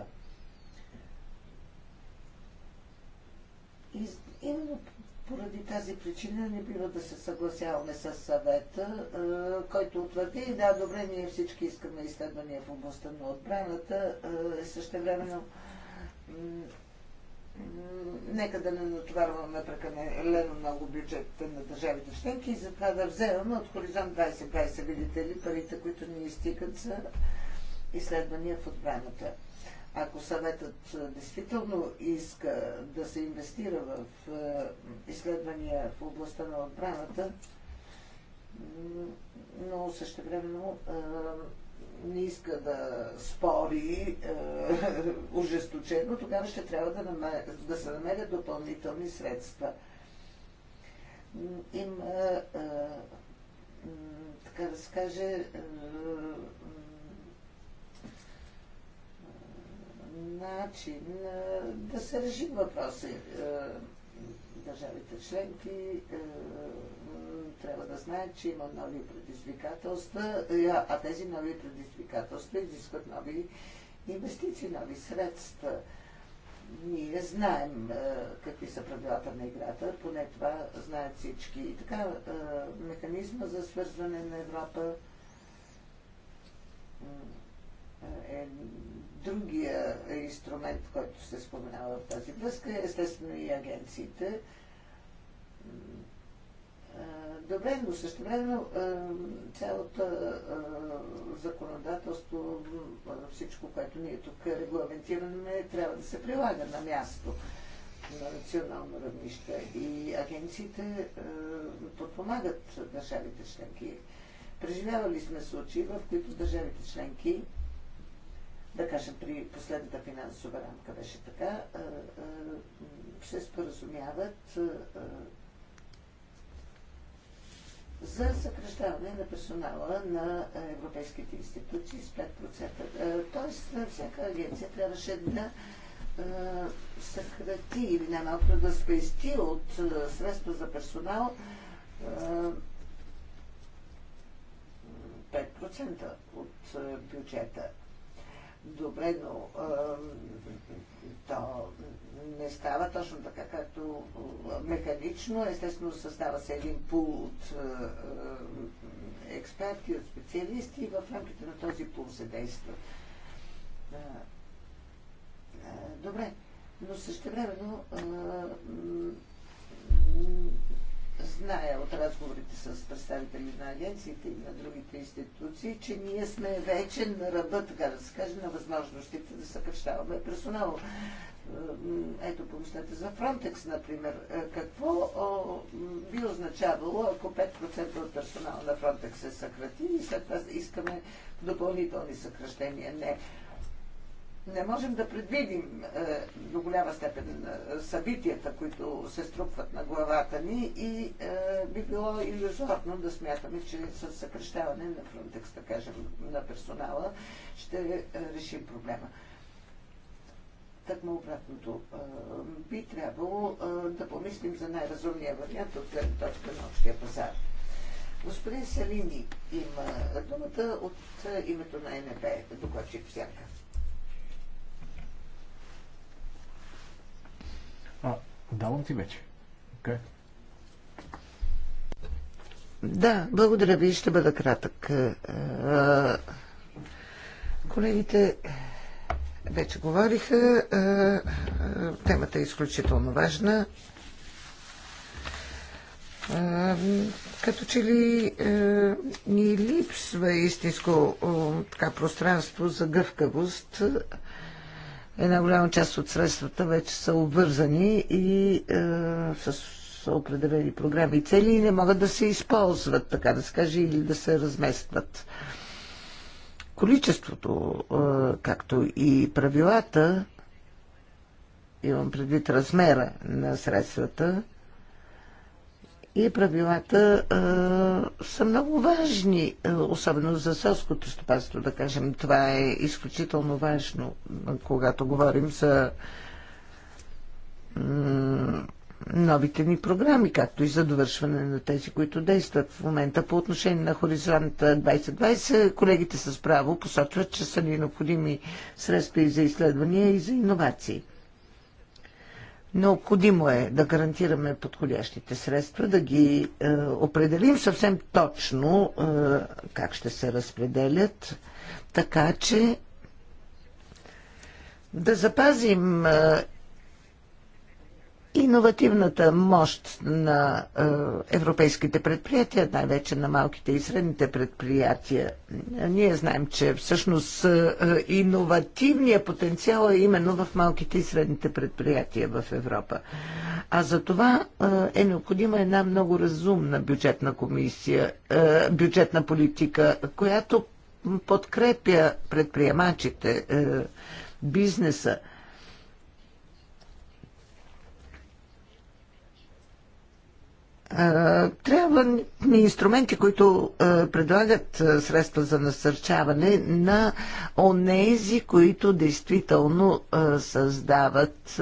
И именно поради тази причина не бива да се съгласяваме с съвета, който утвърди, да, добре, ние всички искаме изследвания в областта на отбраната, е същевременно нека да не натоварваме прекалено много бюджетите на държавите членки и затова да вземаме от Хоризонт 2020, видите ли, парите, които ни изтикат за изследвания в отбраната. Ако съветът действително иска да се инвестира в изследвания в областта на отбраната, но също времено не иска да спори <laughs> ужесточено, тогава ще трябва да, да се намерят допълнителни средства. Има, така да се каже, начин да се реши въпроси. Държавите членки трябва да знаят, че има нови предизвикателства, а тези нови предизвикателства изискват нови инвестиции, нови средства. Ние знаем какви са правилата на играта, поне това знаят всички. И така, механизма за свързване на Европа е другия инструмент, който се споменава в тази връзка, е естествено и агенциите. Добре, но също време цялото законодателство, всичко, което ние тук регламентираме, трябва да се прилага на място на национално равнище. И агенциите подпомагат държавите членки. Преживявали сме случаи, в които държавите членки да кажем, при последната финансова рамка беше така. Се споразумяват за съкръщаване на персонала на европейските институции с 5%. Тоест, всяка агенция трябваше да съкрати или най-малко да спести от средства за персонал 5% от бюджета добре, но то не става точно така, както механично. Естествено, състава се един пул от експерти, от специалисти и в рамките на този пул се действа. Добре, но също времено зная от разговорите с представители на агенциите и на другите институции, че ние сме вече на ръба, така да се каже, на възможностите да съкръщаваме персонал. Е, ето, помислете за Фронтекс, например. Е, какво би означавало, ако 5% от персонала на Фронтекс се съкрати и след това искаме допълнителни съкръщения? Не не можем да предвидим е, до голяма степен е, събитията, които се струпват на главата ни и е, би било иллюзорно да смятаме, че с съкрещаване на Фронтекс, да кажем, на персонала, ще решим проблема. му обратното. Би трябвало да помислим за най-разумния вариант от гледна точка на общия пазар. Господин Селини има думата от името на НП, докладчик всяка. Давам ти вече. Okay. Да, благодаря ви. Ще бъда кратък. Е, колегите вече говориха. Е, е, темата е изключително важна. Като че ли ни липсва истинско така, пространство за гъвкавост една голяма част от средствата вече са обвързани и е, с определени програми и цели и не могат да се използват, така да се каже, или да се разместват. Количеството, е, както и правилата, имам предвид размера на средствата, и правилата а, са много важни, особено за селското стопанство, да кажем. Това е изключително важно, когато говорим за новите ни програми, както и за довършване на тези, които действат в момента. По отношение на Хоризонт 2020, колегите с право посочват, че са ни необходими средства и за изследвания, и за иновации. Необходимо е да гарантираме подходящите средства, да ги е, определим съвсем точно е, как ще се разпределят, така че да запазим е, иновативната мощ на е, европейските предприятия, най-вече на малките и средните предприятия. Ние знаем, че всъщност е, иновативният потенциал е именно в малките и средните предприятия в Европа. А за това е, е необходима една много разумна бюджетна комисия, бюджетна политика, която подкрепя предприемачите, бизнеса трябва ни инструменти, които предлагат средства за насърчаване на онези, които действително създават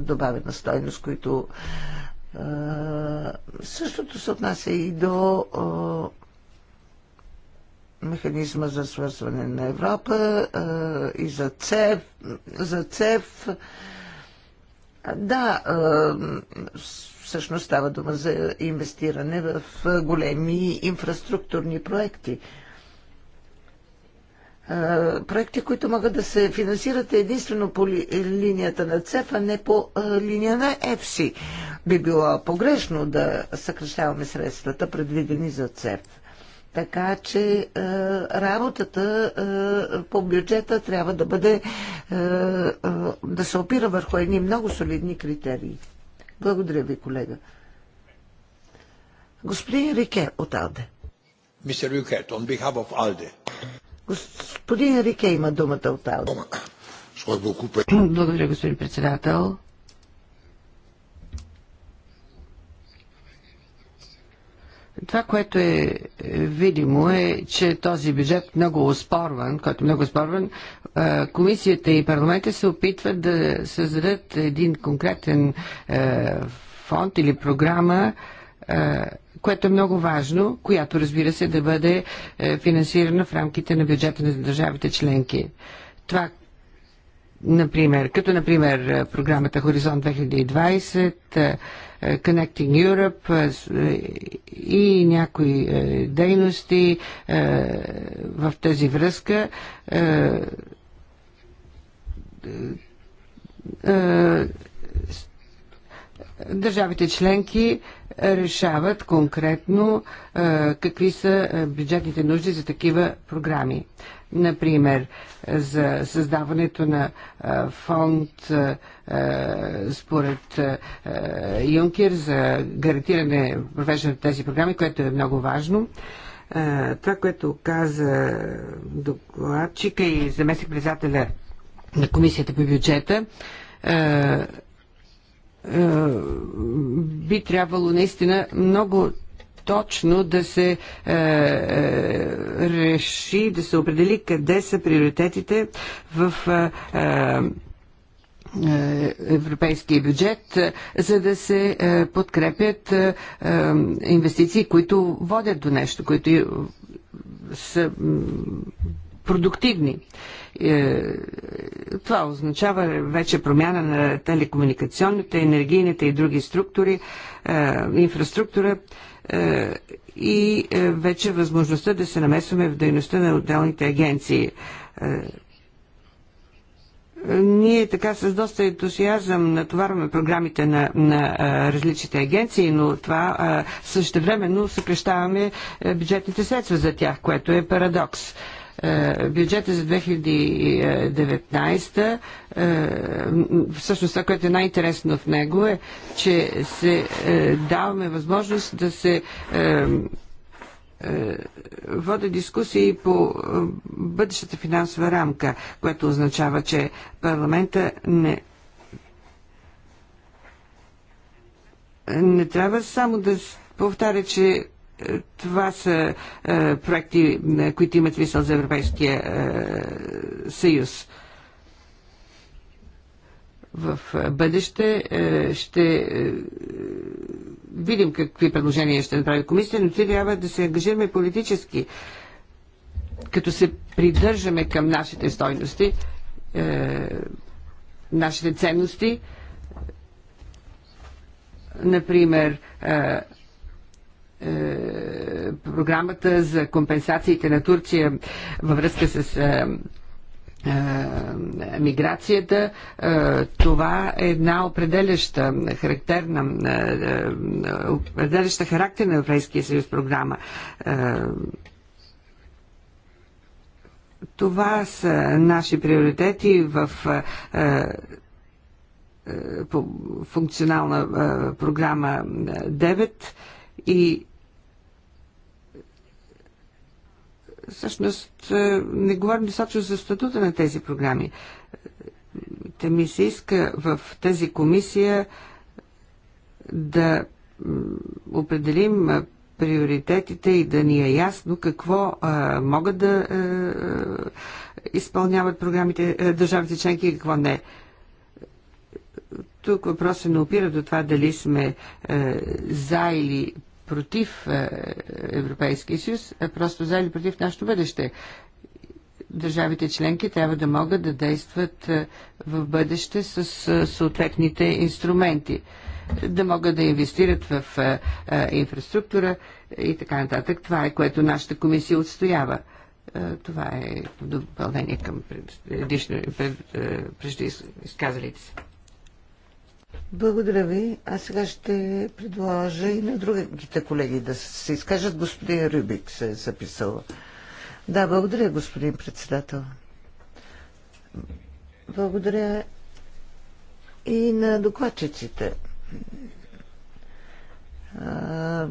добавена стойност, които същото се отнася и до механизма за свързване на Европа и за ЦЕФ. За ЦЕФ да, Всъщност става дума за инвестиране в големи инфраструктурни проекти. Проекти, които могат да се финансират единствено по линията на ЦЕФ, а не по линия на ЕФСИ. Би било погрешно да съкрещаваме средствата, предвидени за ЦЕФ. Така че а, работата а, по бюджета трябва да бъде а, а, да се опира върху едни много солидни критерии. Благодаря ви, колега. Господин Рике от Алде. Мистер Рюкет, on behalf of Алде. Господин Рике има думата от Алде. Благодаря, господин председател. Това, което е, е видимо е, че този бюджет много оспорван, който е много оспорван, е, комисията и парламента се опитват да създадат един конкретен фонд или програма, което е много важно, която разбира се да бъде финансирана в рамките на бюджета на държавите членки. Това, например, като например програмата Хоризонт 2020, Connecting Europe и някои дейности в тази връзка държавите членки решават конкретно какви са бюджетните нужди за такива програми. Например, за създаването на фонд според Юнкер за гарантиране провеждането на тези програми, което е много важно това, което каза докладчика и заместник председателя на Комисията по бюджета, е, би трябвало наистина много точно да се е, е, реши, да се определи къде са приоритетите в е, е, е европейския бюджет, за да се е, подкрепят е, е инвестиции, които водят до нещо, които са продуктивни. Е, е, това означава вече промяна на телекомуникационните, енергийните и други структури, е, инфраструктура е, и вече възможността да се намесваме в дейността на отделните агенции. Ние така с доста ентусиазъм натоварваме програмите на, на а, различните агенции, но това а, същевременно съкрещаваме бюджетните средства за тях, което е парадокс. А, е, бюджета за 2019, е, всъщност това, което е най-интересно в него е, че се е, даваме възможност да се вода дискусии по бъдещата финансова рамка, което означава, че парламента не не трябва само да повтаря, че това са е, проекти, е, които имат висъл за Европейския е, съюз в бъдеще. Ще видим какви предложения ще направи комисията, но ти трябва да се ангажираме политически, като се придържаме към нашите стойности, нашите ценности. Например, е, програмата за компенсациите на Турция във връзка с е, е, миграцията, това е една определяща, характерна, определяща характер на Европейския съюз програма. Това са наши приоритети в функционална програма 9 и всъщност е, не говорим достатъчно за статута на тези програми. Те ми се иска в тази комисия да определим приоритетите и да ни е ясно какво а, могат да а, е, е, изпълняват програмите, а, държавите членки и какво не. Тук въпросът не опира до това дали сме а, за или против е, Европейския съюз, а просто за или против нашето бъдеще. Държавите членки трябва да могат да действат е, в бъдеще с е, съответните инструменти, да могат да инвестират в инфраструктура и така нататък. Това е което нашата комисия отстоява. Това е допълнение към предишно, пред, прежде изказалите се. Благодаря ви. А сега ще предложа и на другите колеги да се изкажат. Господин Рюбик се е записал. Да, благодаря, господин председател. Благодаря и на докладчиците. Да,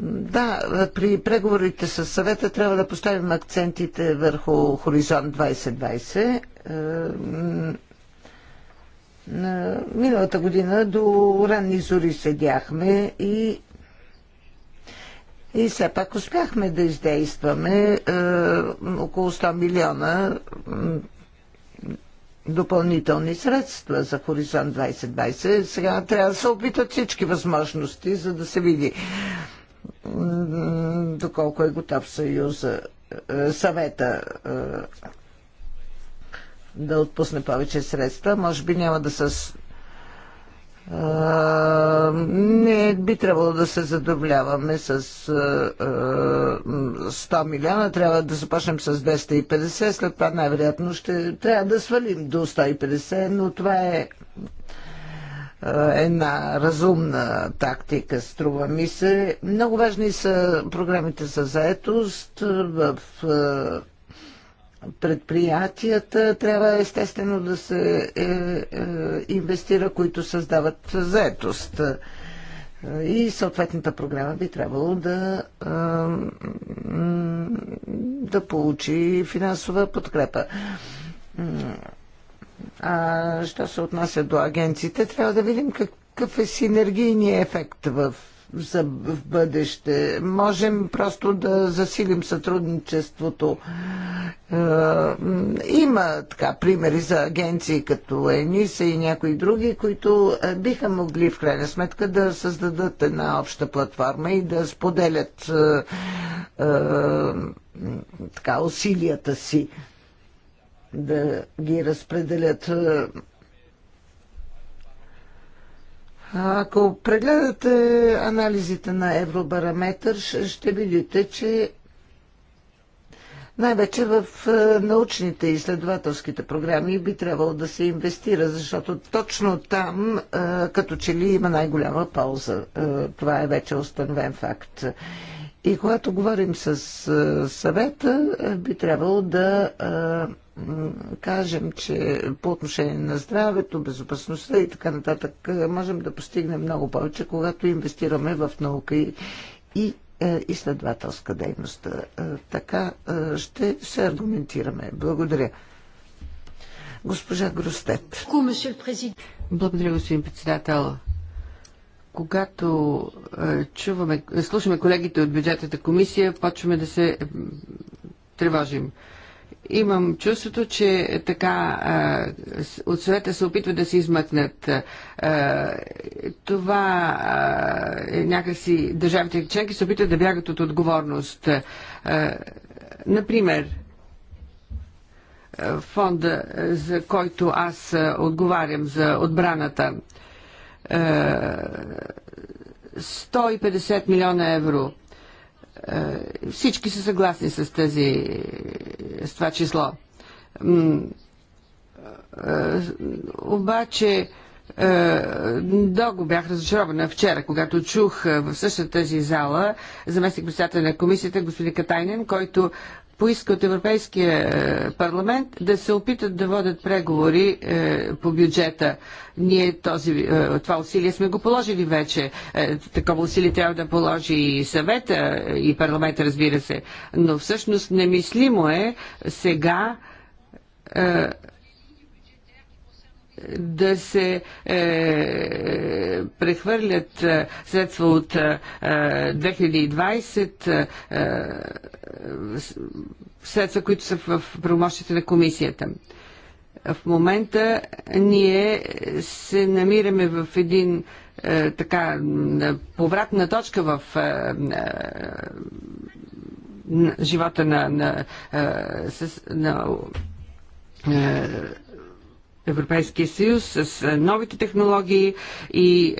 при преговорите с съвета трябва да поставим акцентите върху Хоризонт 2020 на Миналата година до ранни зори седяхме и и все пак успяхме да издействаме е, около 100 милиона допълнителни средства за Хоризонт 2020. Сега трябва да се опитат всички възможности, за да се види доколко е готов съюза, е, съвета е, да отпусне повече средства. Може би няма да се не би трябвало да се задобляваме с 100 милиона, трябва да започнем с 250, след това най-вероятно ще трябва да свалим до 150, но това е една разумна тактика, струва ми се. Много важни са програмите за заетост в предприятията трябва естествено да се е, е, инвестира, които създават заетост. Е, и съответната програма би трябвало да, е, да получи финансова подкрепа. А що се отнася до агенциите, трябва да видим какъв е синергийният ефект в за в бъдеще. Можем просто да засилим сътрудничеството. Е, има така примери за агенции като ЕНИСА и някои други, които е, биха могли в крайна сметка да създадат една обща платформа и да споделят е, е, така усилията си да ги разпределят. Е, ако прегледате анализите на Евробараметър, ще видите, че най-вече в е, научните и изследователските програми би трябвало да се инвестира, защото точно там е, като че ли има най-голяма полза. Е, това е вече установен факт. И когато говорим с съвета, би трябвало да кажем, че по отношение на здравето, безопасността и така нататък можем да постигнем много повече, когато инвестираме в наука и, и изследователска дейност. Така ще се аргументираме. Благодаря. Госпожа Гростет. Благодаря, господин председател. Когато е, чуваме, е, слушаме колегите от бюджетната комисия, почваме да се е, тревожим. Имам чувството, че така от съвета се опитват да се измъкнат. Това е някакси държавите членки се опитват да бягат от отговорност. Например, фонда, за който аз отговарям за отбраната, 150 е, милиона евро. Е, всички са съгласни с, тази, с това число. Е, обаче, Дълго бях разочарована вчера, когато чух в същата тази зала заместник председател на комисията господин Катайнен, който поиска от Европейския е, парламент да се опитат да водят преговори е, по бюджета. Ние този, е, това усилие сме го положили вече. такова усилие трябва да положи и съвета, и парламента, разбира се. Но всъщност немислимо е сега да се е, прехвърлят е, средства от е, 2020 е, е, средства, които са в, в правомощите на комисията. В момента ние се намираме в един е, така повратна точка в е, е, живота на, на, е, с, на е, Европейския съюз с новите технологии и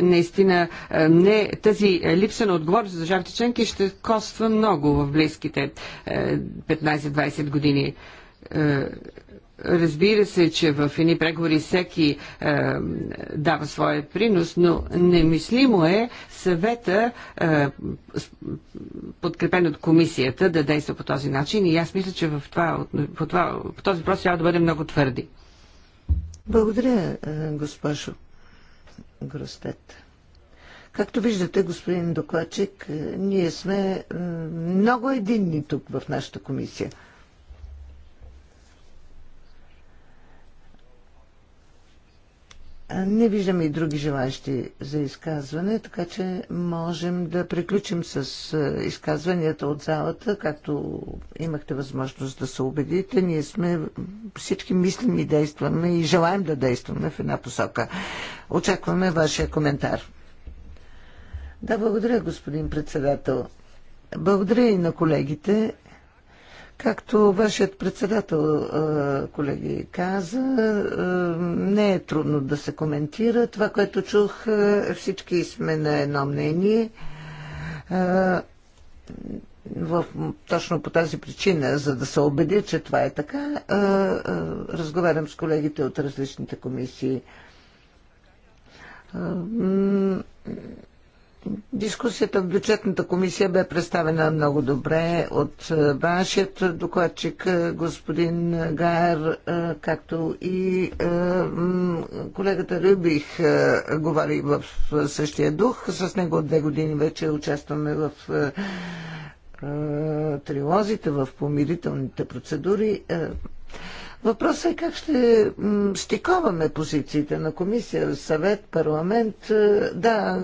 наистина не, тази липса на отговорност за държавите членки ще коства много в близките 15-20 години Разбира се, че в едни преговори всеки е, дава своя принос, но немислимо е съвета, е, подкрепен от комисията, да действа по този начин и аз мисля, че в това, по, това, по този въпрос трябва да бъдем много твърди. Благодаря, е, госпожо Гростет. Както виждате, господин докладчик, е, ние сме е, много единни тук в нашата комисия. Не виждаме и други желащи за изказване, така че можем да приключим с изказванията от залата, както имахте възможност да се убедите. Ние сме, всички мислим и действаме и желаем да действаме в една посока. Очакваме вашия коментар. Да, благодаря, господин председател. Благодаря и на колегите Както вашият председател, колеги, каза, не е трудно да се коментира. Това, което чух, всички сме на едно мнение. В, точно по тази причина, за да се убедя, че това е така, разговарям с колегите от различните комисии. Дискусията в бюджетната комисия бе представена много добре от е, вашият докладчик е, господин Гайер, е, както и колегата Рюбих говори в същия дух. С него от две години вече участваме в трилозите, в помирителните процедури. Въпросът е как ще стиковаме позициите на комисия, съвет, парламент. Е, да,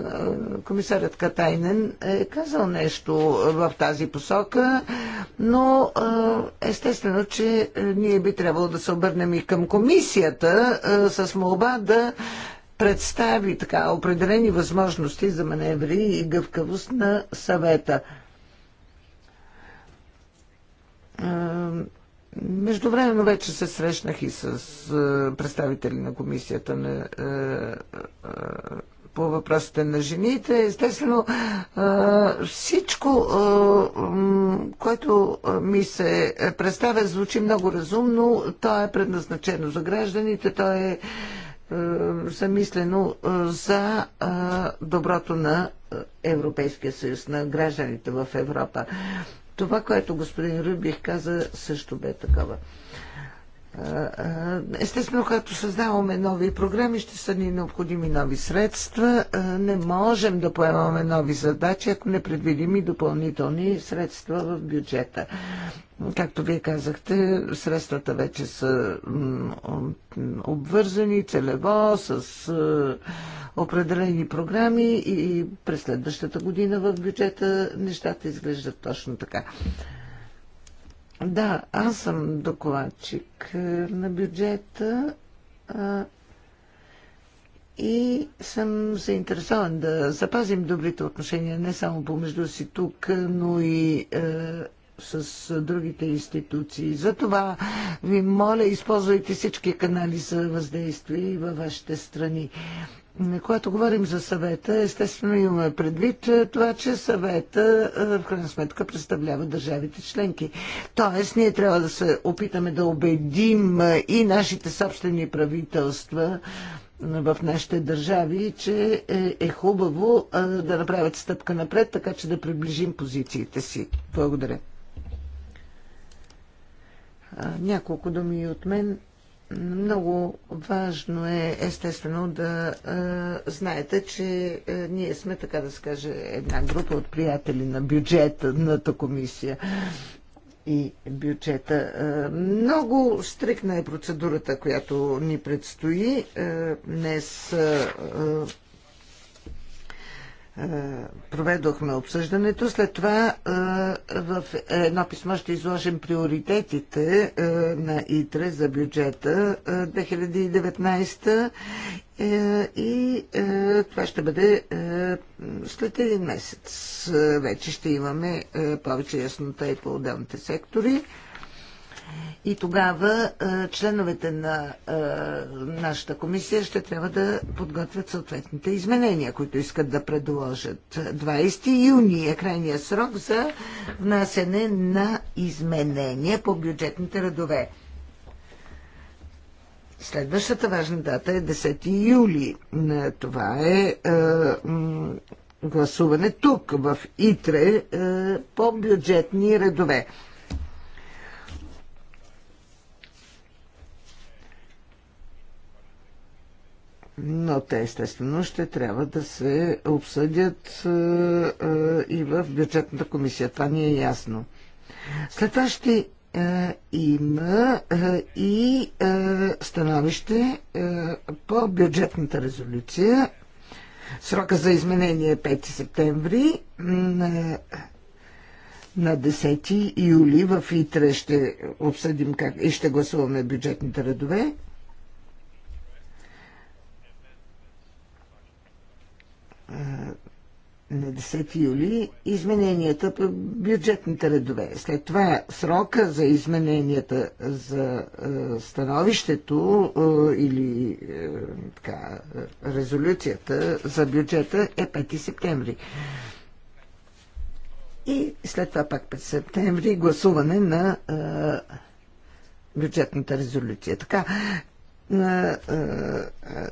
е, комисарят Катайнен е казал нещо в тази посока, но е, естествено, че ние би трябвало да се обърнем и към комисията с молба да представи така определени възможности за маневри и гъвкавост на съвета Междувременно вече се срещнах и с е, представители на комисията на, е, е, по въпросите на жените. Естествено, всичко, което ми се представя, звучи много разумно. То е предназначено за гражданите, то е замислено за доброто на Европейския съюз, на гражданите в Европа. Това, което господин Рубих каза, също бе такова. Естествено, когато създаваме нови програми, ще са ни необходими нови средства. Не можем да поемаме нови задачи, ако не предвидим и допълнителни средства в бюджета. Както вие казахте, средствата вече са обвързани целево с определени програми и през следващата година в бюджета нещата изглеждат точно така. Да, аз съм докладчик е, на бюджета и съм заинтересован да запазим добрите отношения не само помежду си тук, но и а, е, с другите институции. Затова ви моля, използвайте всички канали за въздействие и във вашите страни. Ами, когато говорим за съвета, естествено имаме предвид е, това, че съвета е, в крайна сметка представлява държавите членки. Тоест, ние трябва да се опитаме да убедим е, и нашите собствени правителства в нашите държави, че е хубаво да направят стъпка напред, така че да приближим позициите си. Благодаря. Няколко думи от мен много важно е, естествено, да е, знаете, че е, ние сме, така да се каже, една група от приятели на бюджетната комисия и бюджета. Е, много стрикна е процедурата, която ни предстои. Е, днес е, е, проведохме обсъждането. След това е, в едно писмо ще изложим приоритетите е, на ИТРЕ за бюджета 2019 и това ще бъде след един месец. Вече ще имаме повече яснота и по отделните сектори. И тогава е, членовете на е, нашата комисия ще трябва да подготвят съответните изменения, които искат да предложат. 20 юни е крайния срок за внасене на изменения по бюджетните редове. Следващата важна дата е 10 юли. Е, това е, гласуване тук, в ИТРЕ, по бюджетни редове. но те естествено ще трябва да се обсъдят е, е, и в бюджетната комисия. Това ни е ясно. След това ще е, има и становище по бюджетната резолюция. Срока за изменение е 5 септември. На 10 юли в Итре ще обсъдим как и ще гласуваме бюджетните редове. Е, на 10 юли измененията по бюджетните редове. След това срока за измененията за е, становището е, или е, така, резолюцията за бюджета е 5 септември. И след това пак 5 септември гласуване на е, бюджетната резолюция. Така, е, е,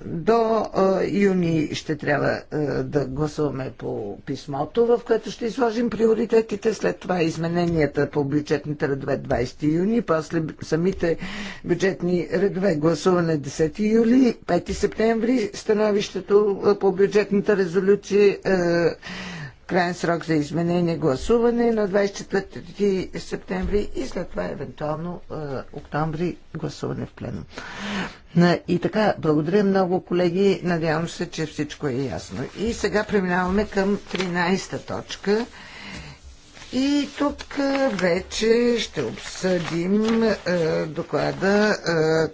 до е, юни ще трябва да гласуваме по писмото, в което ще изложим приоритетите, след това измененията по бюджетните редове 20 юни, после самите бюджетни редове гласуване 10 юли, 5 септември, становището по бюджетната резолюция крайен срок за изменение гласуване на 24 септември и след това евентуално е, октомври гласуване в плену. И така, благодаря много колеги, надявам се, че всичко е ясно. И сега преминаваме към 13-та точка – и тук вече ще обсъдим доклада,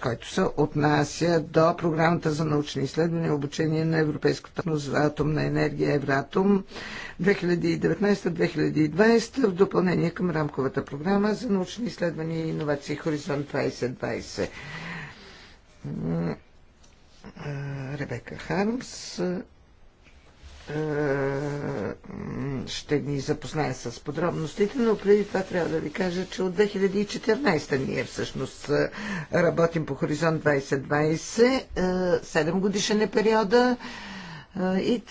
който се отнася до програмата за научни изследвания и обучение на Европейската за атомна енергия Евратом 2019-2020 в допълнение към рамковата програма за научни изследвания и иновации Хоризонт 2020. Ребека Хармс е, ще ни запознае с подробностите, но преди това трябва да ви кажа, че от 2014 ние всъщност е, работим по Хоризонт 2020, 7 е, годишен е периода и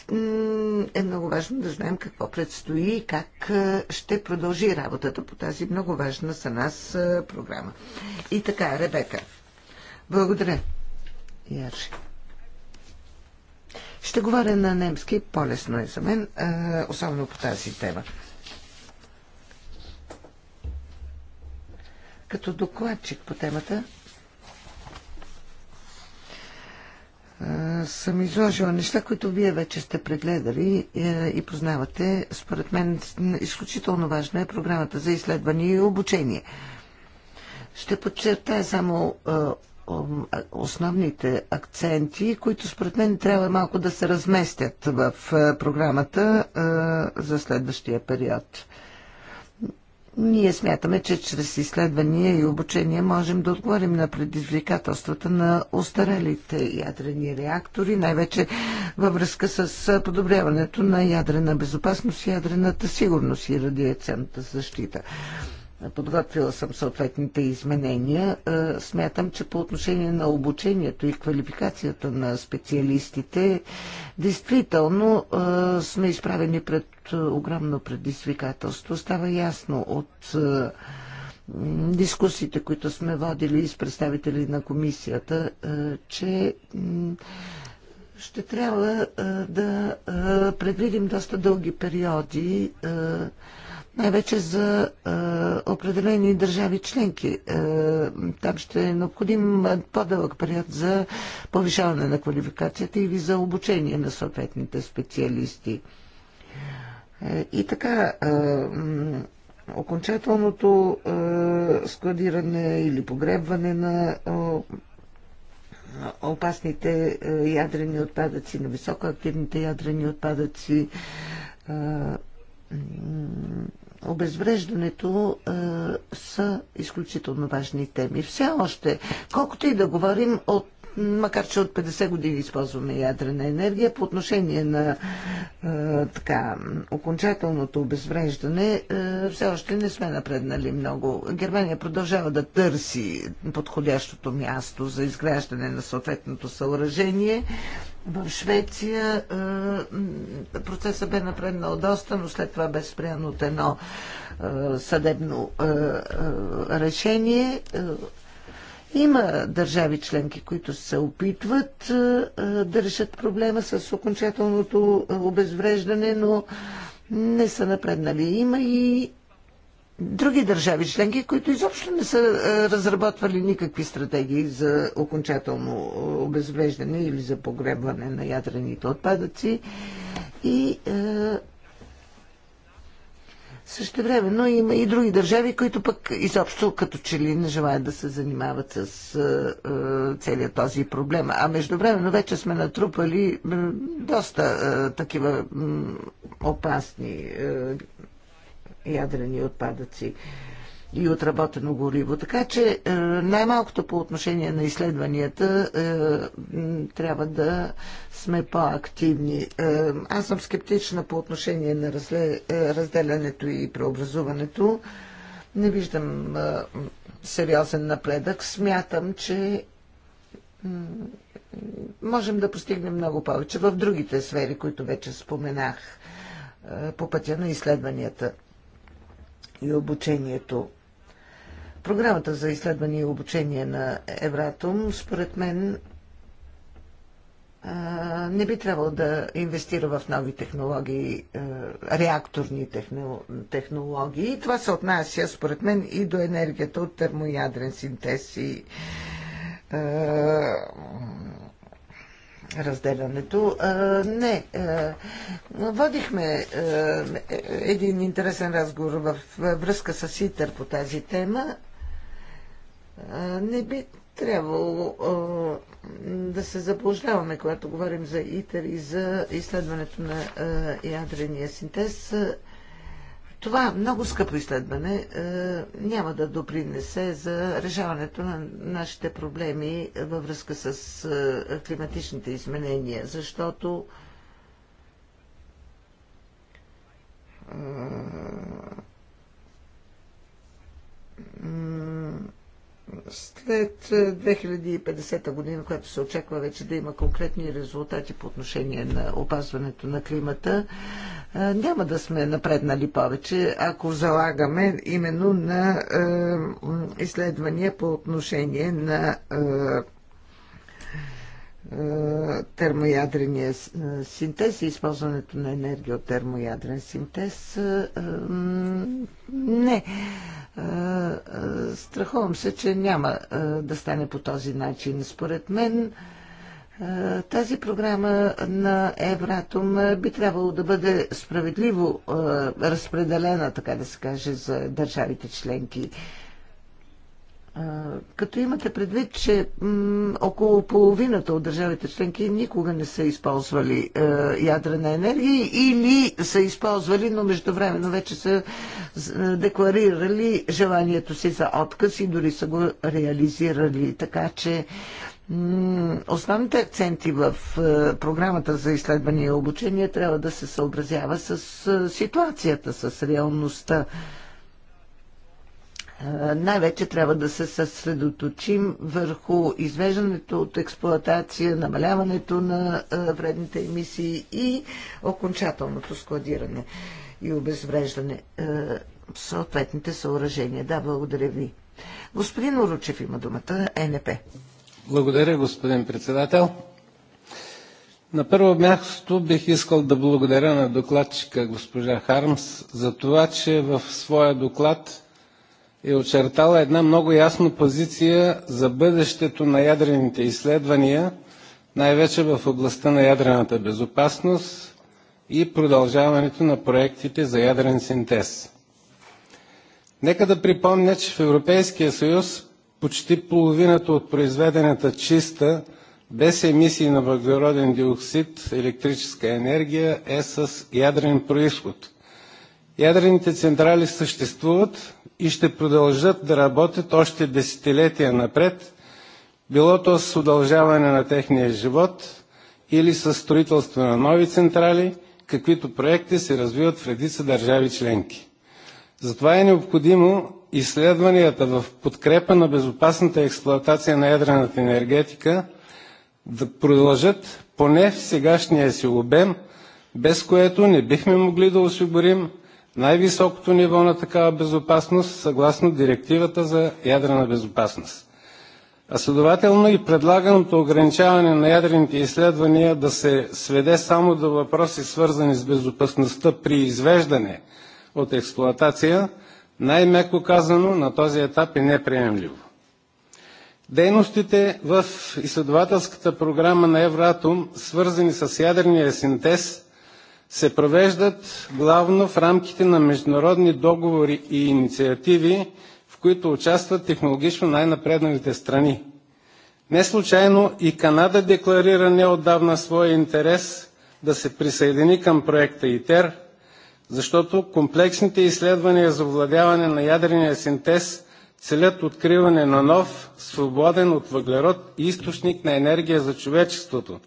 е много важно да знаем какво предстои и как ще продължи работата по тази много важна за нас програма. И така, Ребека. Благодаря. Ярши. Ще говоря на немски, по-лесно е за мен, особено по тази тема. Като докладчик по темата, съм изложила неща, които вие вече сте прегледали е, и познавате. Според мен изключително важна е програмата за изследване и обучение. Ще подчертая само основните акценти, които според мен трябва малко да се разместят в програмата за следващия период. Ние смятаме, че чрез изследвания и обучение можем да отговорим на предизвикателствата на устарелите ядрени реактори, най-вече във връзка с подобряването на ядрена безопасност, ядрената сигурност и радиационната защита подготвила съм съответните изменения. Е, смятам, че по отношение на обучението и квалификацията на специалистите, действително е, сме изправени пред е, огромно предизвикателство. Става ясно от дискусиите, които сме водили с представители на комисията, че ще трябва да предвидим доста дълги периоди най-вече за а, определени държави членки. А, там ще е необходим по-дълъг период за повишаване на квалификацията или за обучение на съответните специалисти. Е, и така, е, окончателното а, складиране или погребване на. а, опасните ядрени отпадъци, на високоактивните ядрени отпадъци, обезвреждането а, е, са изключително важни теми. Все още, колкото и да говорим от макар че от 50 години използваме ядрена енергия, по отношение на е, така, окончателното обезвреждане е, все още не сме напреднали много. Германия продължава да търси подходящото място за изграждане на съответното съоръжение. В Швеция е, процесът бе напреднал доста, но след това бе спрян от едно е, съдебно е, е решение. Е, има държави членки, които се опитват е, е, да решат проблема с окончателното обезвреждане, но не са напреднали. Има и други държави членки, които изобщо не са е, разработвали никакви стратегии за окончателно обезвреждане или за погребване на ядрените отпадъци. И също време, но има и други държави, които пък изобщо като че ли не желаят да се занимават с е, целият този проблем. А междувременно вече сме натрупали е, доста е, такива е, опасни е, ядрени отпадъци и отработено гориво. Така че е, най-малкото по отношение на изследванията е, трябва да сме по-активни. Е, аз съм скептична по отношение на разделянето и преобразуването. Не виждам сериозен напредък. Смятам, че можем да постигнем много повече в другите сфери, които вече споменах по пътя на изследванията и обучението. Програмата за изследване и обучение на Евратум, според мен, не би трябвало да инвестира в нови технологии, реакторни технологии. Това се отнася, според мен, и до енергията от термоядрен синтез и разделянето. не. водихме е, един интересен разговор в връзка с ИТЕР по тази тема не би трябвало да се заблуждаваме, когато говорим за ИТЕР и за изследването на ядрения синтез. Това много скъпо изследване няма да допринесе за решаването на нашите проблеми във връзка с климатичните изменения, защото е, след 2050 е, година, която се очаква вече да има конкретни резултати по отношение на опазването на климата, е, няма да сме напреднали повече, ако залагаме именно на е, изследвания по отношение на термоядрения синтез и използването на енергия от термоядрен синтез. Не. Страхувам се, че няма да стане по този начин. Според мен тази програма на Евратом би трябвало да бъде справедливо разпределена, така да се каже, за държавите членки като имате предвид, че около половината от държавите членки никога не са използвали е, ядрена енергия или са използвали, но междувременно вече са е, декларирали желанието си за отказ и дори са го реализирали. Така че основните акценти в е, програмата за изследване и обучение трябва да се съобразява с ситуацията, с реалността най-вече трябва да се съсредоточим върху извеждането от експлоатация, намаляването на вредните емисии и окончателното складиране и обезвреждане в съответните съоръжения. Да, благодаря ви. Господин Оручев има думата, е НП. Благодаря, господин председател. На първо място бих искал да благодаря на докладчика госпожа Хармс за това, че в своя доклад е очертала една много ясна позиция за бъдещето на ядрените изследвания, най-вече в областта на ядрената безопасност и продължаването на проектите за ядрен синтез. Нека да припомня, че в Европейския съюз почти половината от произведената чиста, без емисии на въглероден диоксид, електрическа енергия е с ядрен происход – Ядрените централи съществуват и ще продължат да работят още десетилетия напред, било то с удължаване на техния живот или с строителство на нови централи, каквито проекти се развиват в редица държави членки. Затова е необходимо изследванията в подкрепа на безопасната експлоатация на ядрената енергетика да продължат поне в сегашния си обем, без което не бихме могли да осигурим най-високото ниво на такава безопасност съгласно Директивата за ядрена безопасност. А следователно и предлаганото ограничаване на ядрените изследвания да се сведе само до въпроси свързани с безопасността при извеждане от експлоатация, най-меко казано на този етап е неприемливо. Дейностите в изследователската програма на Евроатом, свързани с ядерния синтез – се провеждат главно в рамките на международни договори и инициативи, в които участват технологично най-напредналите страни. Неслучайно и Канада декларира неотдавна своя интерес да се присъедини към проекта ИТЕР, защото комплексните изследвания за овладяване на ядрения синтез целят откриване на нов, свободен от въглерод източник на енергия за човечеството,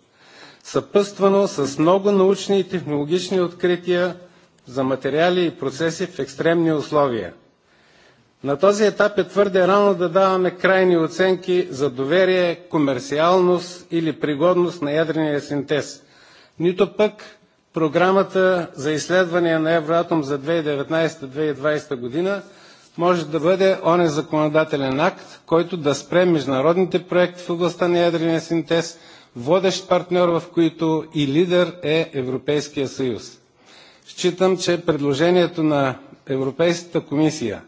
съпътствано с много научни и технологични открития за материали и процеси в екстремни условия. На този етап е твърде рано да даваме крайни оценки за доверие, комерциалност или пригодност на ядрения синтез, нито пък програмата за изследвания на Евроатом за 2019-2020 година може да бъде онен законодателен акт, който да спре международните проекти в областта на ядрения синтез водещ партньор, в които и лидер е Европейския съюз. Считам, че предложението на Европейската комисия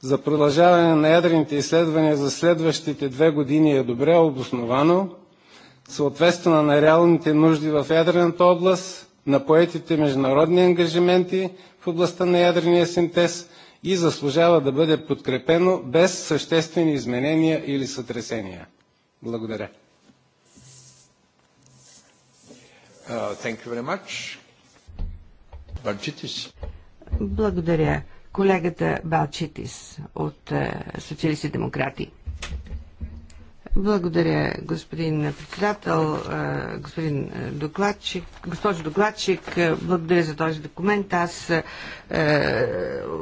за продължаване на ядрените изследвания за следващите две години е добре обосновано, съответства на реалните нужди в ядрената област, на поетите международни ангажименти в областта на ядрения синтез и заслужава да бъде подкрепено без съществени изменения или сътресения. Благодаря. Uh, thank you very much. Balchitis. Благодаря. Колегата Балчитис от е, Социалисти демократи. Благодаря, господин председател, е, господин докладчик, госпожо докладчик. Е, благодаря за този документ. Аз е,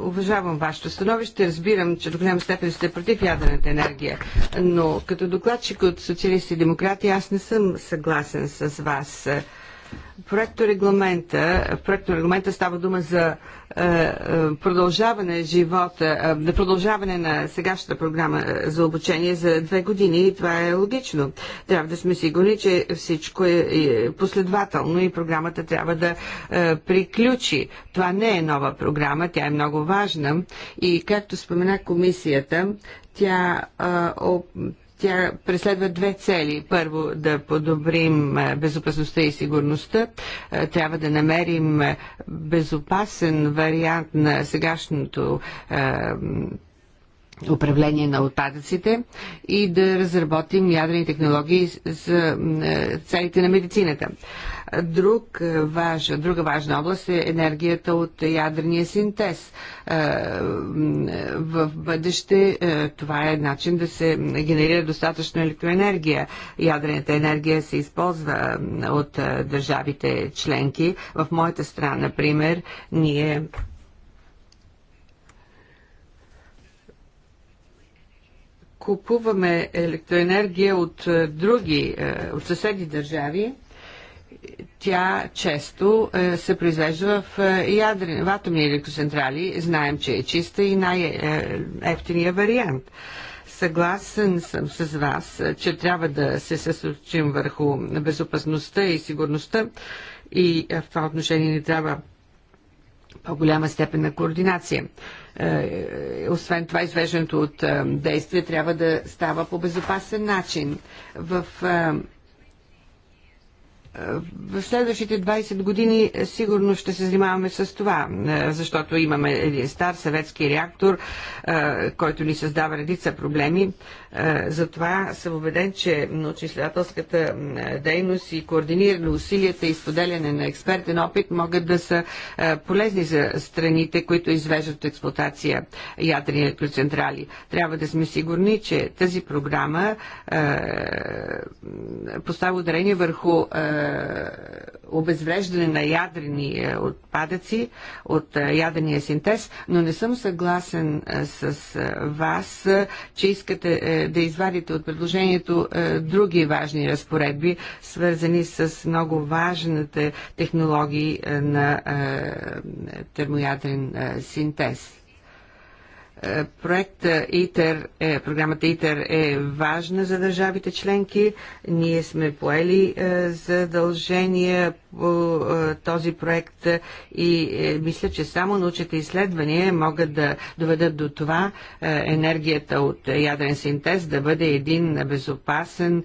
уважавам вашето становище. Разбирам, че до голяма степен сте против ядрената енергия. Но като докладчик от социалисти и демократи, аз не съм съгласен с вас проекторегламента, в проекторегламента става дума за е, е, продължаване живота, на е, продължаване на сегашната програма за обучение за две години и това е логично. Трябва да сме сигурни, че всичко е последователно и програмата трябва да приключи. Това не е нова програма, тя е много важна и както спомена комисията, тя тя преследва две цели. Първо, да подобрим е, безопасността и сигурността. Е, трябва да намерим е, безопасен вариант на сегашното управление на отпадъците и да разработим ядрени технологии за целите на медицината. Друг е, важ, друга важна област е енергията от ядрения синтез. Е, в бъдеще е, това е начин да се генерира достатъчно електроенергия. Ядрената енергия се използва от държавите членки. В моята страна, например, ние купуваме електроенергия от други, от съседни държави тя често е, се произвежда в, е, ядрен, в атомни електроцентрали. Знаем, че е чиста и най-ефтиния вариант. Съгласен съм с вас, че трябва да се съсредоточим върху безопасността и сигурността и е, в това отношение ни трябва по-голяма степен на координация. Освен това, извеждането от действие трябва да става по безопасен начин. В в следващите 20 години сигурно ще се занимаваме с това, е, защото имаме един стар съветски реактор, е, който ни създава редица проблеми. Е, затова съм убеден, че научно-изследователската дейност и координиране усилията и споделяне на експертен опит могат да са е, полезни за страните, които извеждат от експлуатация ядрени електроцентрали. Трябва да сме сигурни, че тази програма е, поставя ударение върху обезвреждане на ядрени отпадъци от ядрения синтез, но не съм съгласен с вас, че искате да извадите от предложението е, други важни разпоредби, свързани с много важните технологии е, на е, термоядрен синтез. Е, проекта ИТЕР, е, програмата ИТЕР е важна за държавите членки. Ние сме поели е, задължения по този проект и мисля, че само научните изследвания могат да доведат до това енергията от ядрен синтез да бъде един безопасен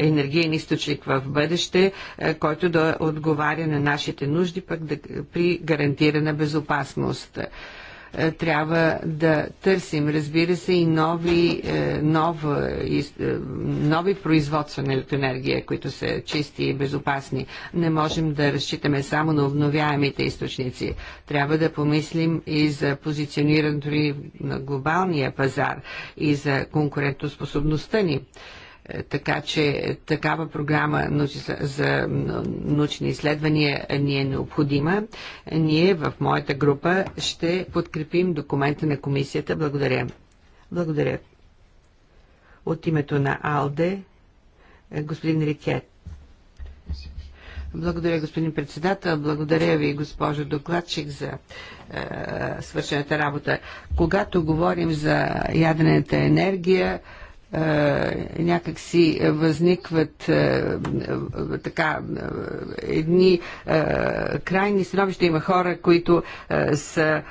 енергиен източник в бъдеще, който да отговаря на нашите нужди, пък да, при гарантирана безопасност. Е, трябва да търсим, разбира се, и нови, е, нова, е, нови производства на електроенергия, които са чисти и безопасни. Не можем да разчитаме само на обновяемите източници. Трябва да помислим и за позиционирането ни на глобалния пазар и за конкурентоспособността ни. Е, така че такава програма за научни изследвания ни е необходима. Ние в моята група ще подкрепим документа на комисията. Благодаря. Благодаря. От името на АЛДЕ, е, господин Рикет. Благодаря, господин председател. Благодаря ви, госпожо докладчик, за е, свършената работа. Когато говорим за ядрената енергия, е, някак си възникват е, е, така едни крайни становища. Има хора, които са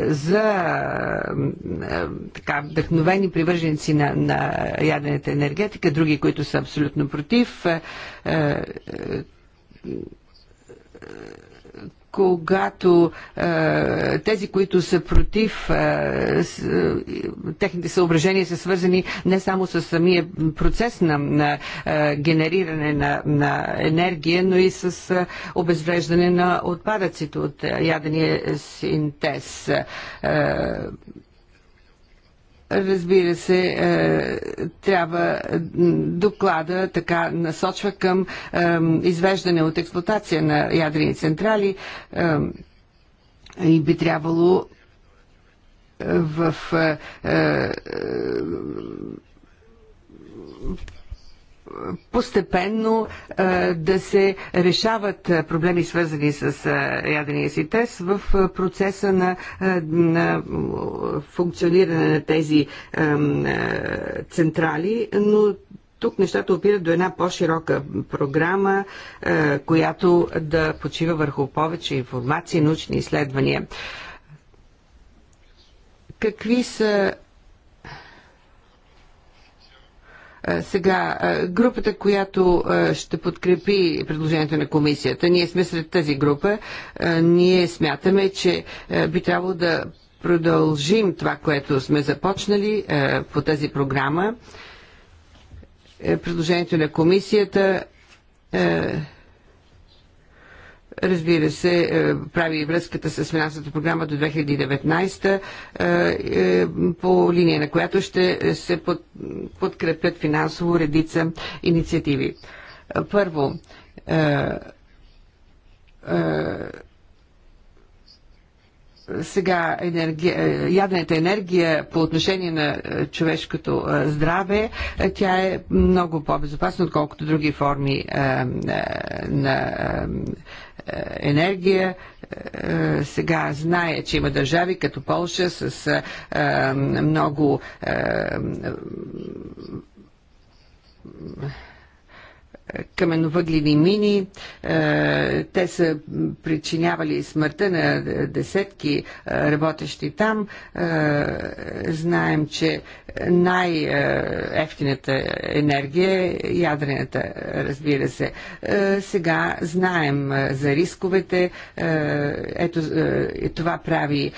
за така вдъхновени привърженици на, на ядената енергетика, други, които са абсолютно против когато е, тези, които са против, е, с, е, техните съображения са свързани не само с самия процес на, на е, генериране на, на енергия, но и с е, обезвреждане на отпадъците от е, ядения синтез. Е, Разбира се, е, трябва доклада така насочва към е, извеждане от експлуатация на ядрени централи е, и би трябвало в постепенно е, да се решават е, проблеми, свързани с е, ядения си тест в процеса на, на функциониране на тези централи, но тук нещата опират до една по-широка програма, която да почива върху повече информация и научни изследвания. Какви са Сега, групата, която ще подкрепи предложението на комисията, ние сме сред тази група, ние смятаме, че би трябвало да продължим това, което сме започнали по тази програма. Е, предложението на комисията Разбира се, е, прави и връзката с финансовата програма до 2019, е, е, по линия на която ще се подкрепят финансово редица инициативи. Първо, сега енергия, енергия по отношение на човешкото здраве, тя е много по-безопасна, отколкото други форми на е, енергия. Е, сега знае, че има държави като Полша с е, много каменовъглени мини. Е, те са причинявали смъртта на десетки е, работещи там. Е, знаем, че най-ефтината енергия е ядрената, разбира се. Сега знаем за рисковете. Ето, това прави,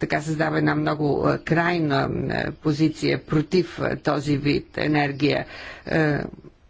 така създава една много крайна позиция против този вид енергия.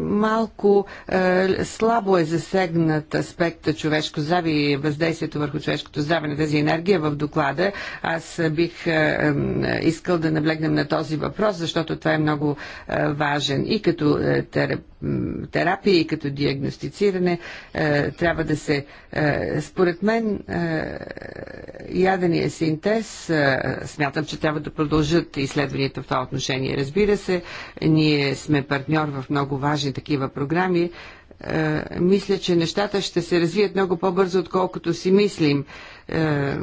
малко е, слабо е засегнат аспекта човешко здраве и въздействието върху човешкото здраве на тази енергия в доклада. Аз бих е, е, искал да наблегнем на този въпрос, защото това е много е, важен и като е, терапия, и като диагностициране. Е, трябва да се... Е, според мен е, ядения синтез, е, смятам, че трябва да продължат изследванията в това отношение. Разбира се, ние сме партньор в много много важни такива програми, е, мисля, че нещата ще се развият много по-бързо, отколкото си мислим. Е, е,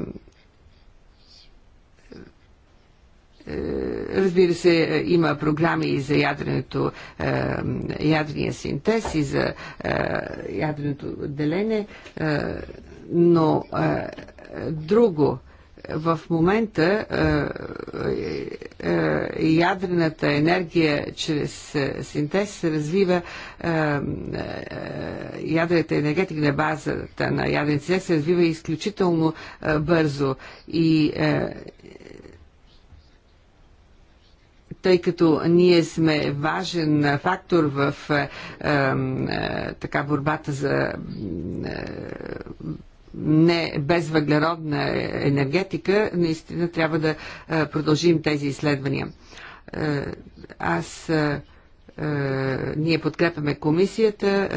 разбира се, има програми и за ядреното, ядрения синтез, и за ядреното деление, но друго в момента е, е, е, ядрената енергия чрез синтез се развива ядрената енергетика на базата на ядрен синтез се развива изключително бързо и тъй като ние сме важен фактор в е, е, така борбата за е, не безвъглеродна енергетика, наистина трябва да продължим тези изследвания. Аз ние подкрепяме комисията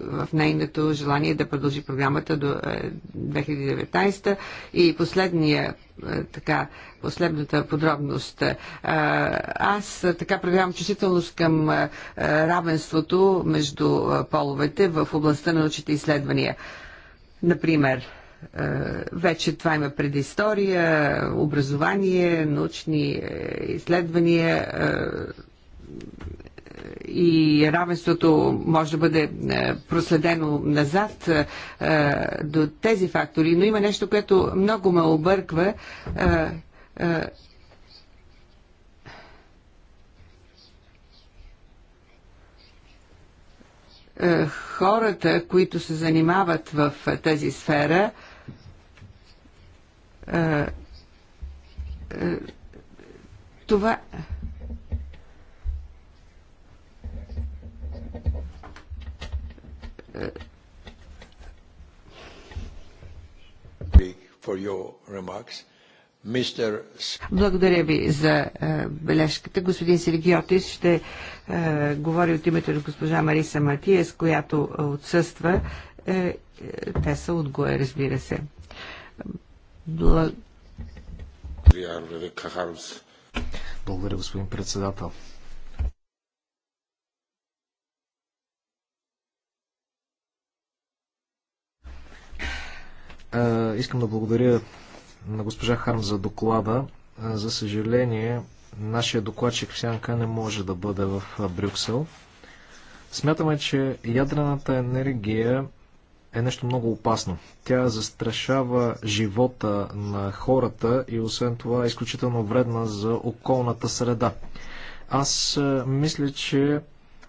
в нейното желание да продължи програмата до 2019 и последния така, последната подробност. Аз така проявявам чувствителност към равенството между половете в областта на научните изследвания. Например, е, вече това има предистория, образование, научни е, изследвания е, и равенството може да бъде проследено назад до тези фактори, но има нещо, което много ме обърква Е, хората, които се занимават в тази сфера, е, е, това. For your remarks. Благодаря ви за е, бележката. Господин Сергиотис ще е, говори от името на госпожа Мариса Матиес, която отсъства. Е, е те са от ГОЕ, разбира се. Благ... Благодаря, господин председател. Е, искам да благодаря на госпожа Харм за доклада. За съжаление, нашия докладчик в Сянка не може да бъде в Брюксел. Смятаме, че ядрената енергия е нещо много опасно. Тя застрашава живота на хората и освен това е изключително вредна за околната среда. Аз мисля, че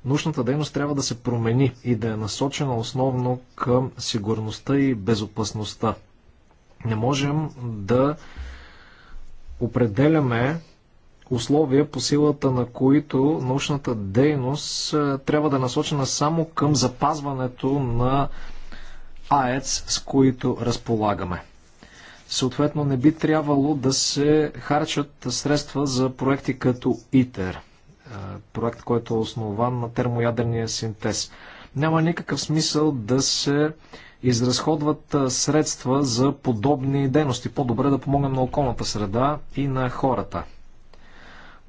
научната дейност трябва да се промени и да е насочена основно към сигурността и безопасността не можем да определяме условия, по силата на които научната дейност е, трябва да е насочена само към запазването на АЕЦ, с които разполагаме. Съответно, не би трябвало да се харчат средства за проекти като ИТЕР, е, проект, който е основан на термоядерния синтез. Няма никакъв смисъл да се изразходват средства за подобни дейности. По-добре да помогнем на околната среда и на хората.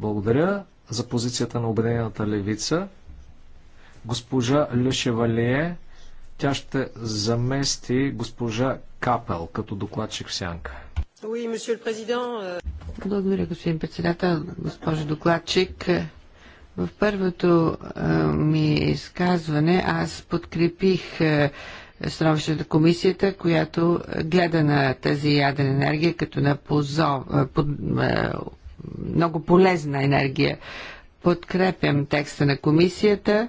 Благодаря за позицията на Обединената левица. Госпожа Лешевалие, тя ще замести госпожа Капел като докладчик в сянка. Euh, Благодаря, господин председател, госпожо докладчик. В първото ми изказване аз подкрепих становището на комисията, която гледа на тази ядрена енергия като на позо, под, много полезна енергия. Подкрепям текста на комисията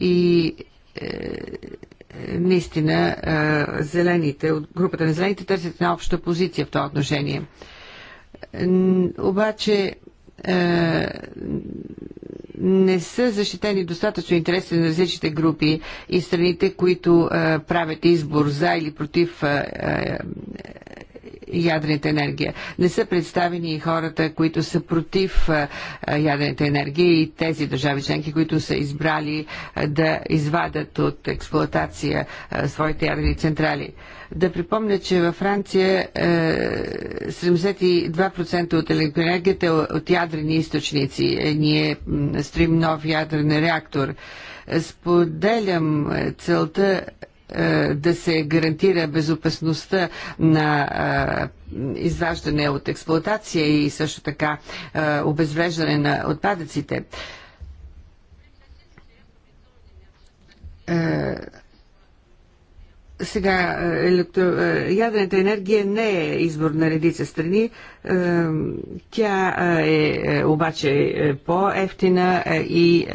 и е, наистина зелените, от групата на зелените търсят една обща позиция в това отношение. Обаче е, не са защитени достатъчно интересите на различните групи и страните, които правят избор за или против ядрената енергия. Не са представени и хората, които са против ядрената енергия и тези държави членки, които са избрали да извадат от експлоатация своите ядрени централи. Да припомня, че във Франция 72% от електроенергията е от ядрени източници. Е, ние строим нов ядрен реактор. Споделям е, целта е, да се гарантира безопасността на е, изваждане от експлоатация и също така е, обезвреждане на отпадъците. Сега, е, електро... Е, ядрената енергия не е избор на редица страни. Е, тя е обаче по-ефтина и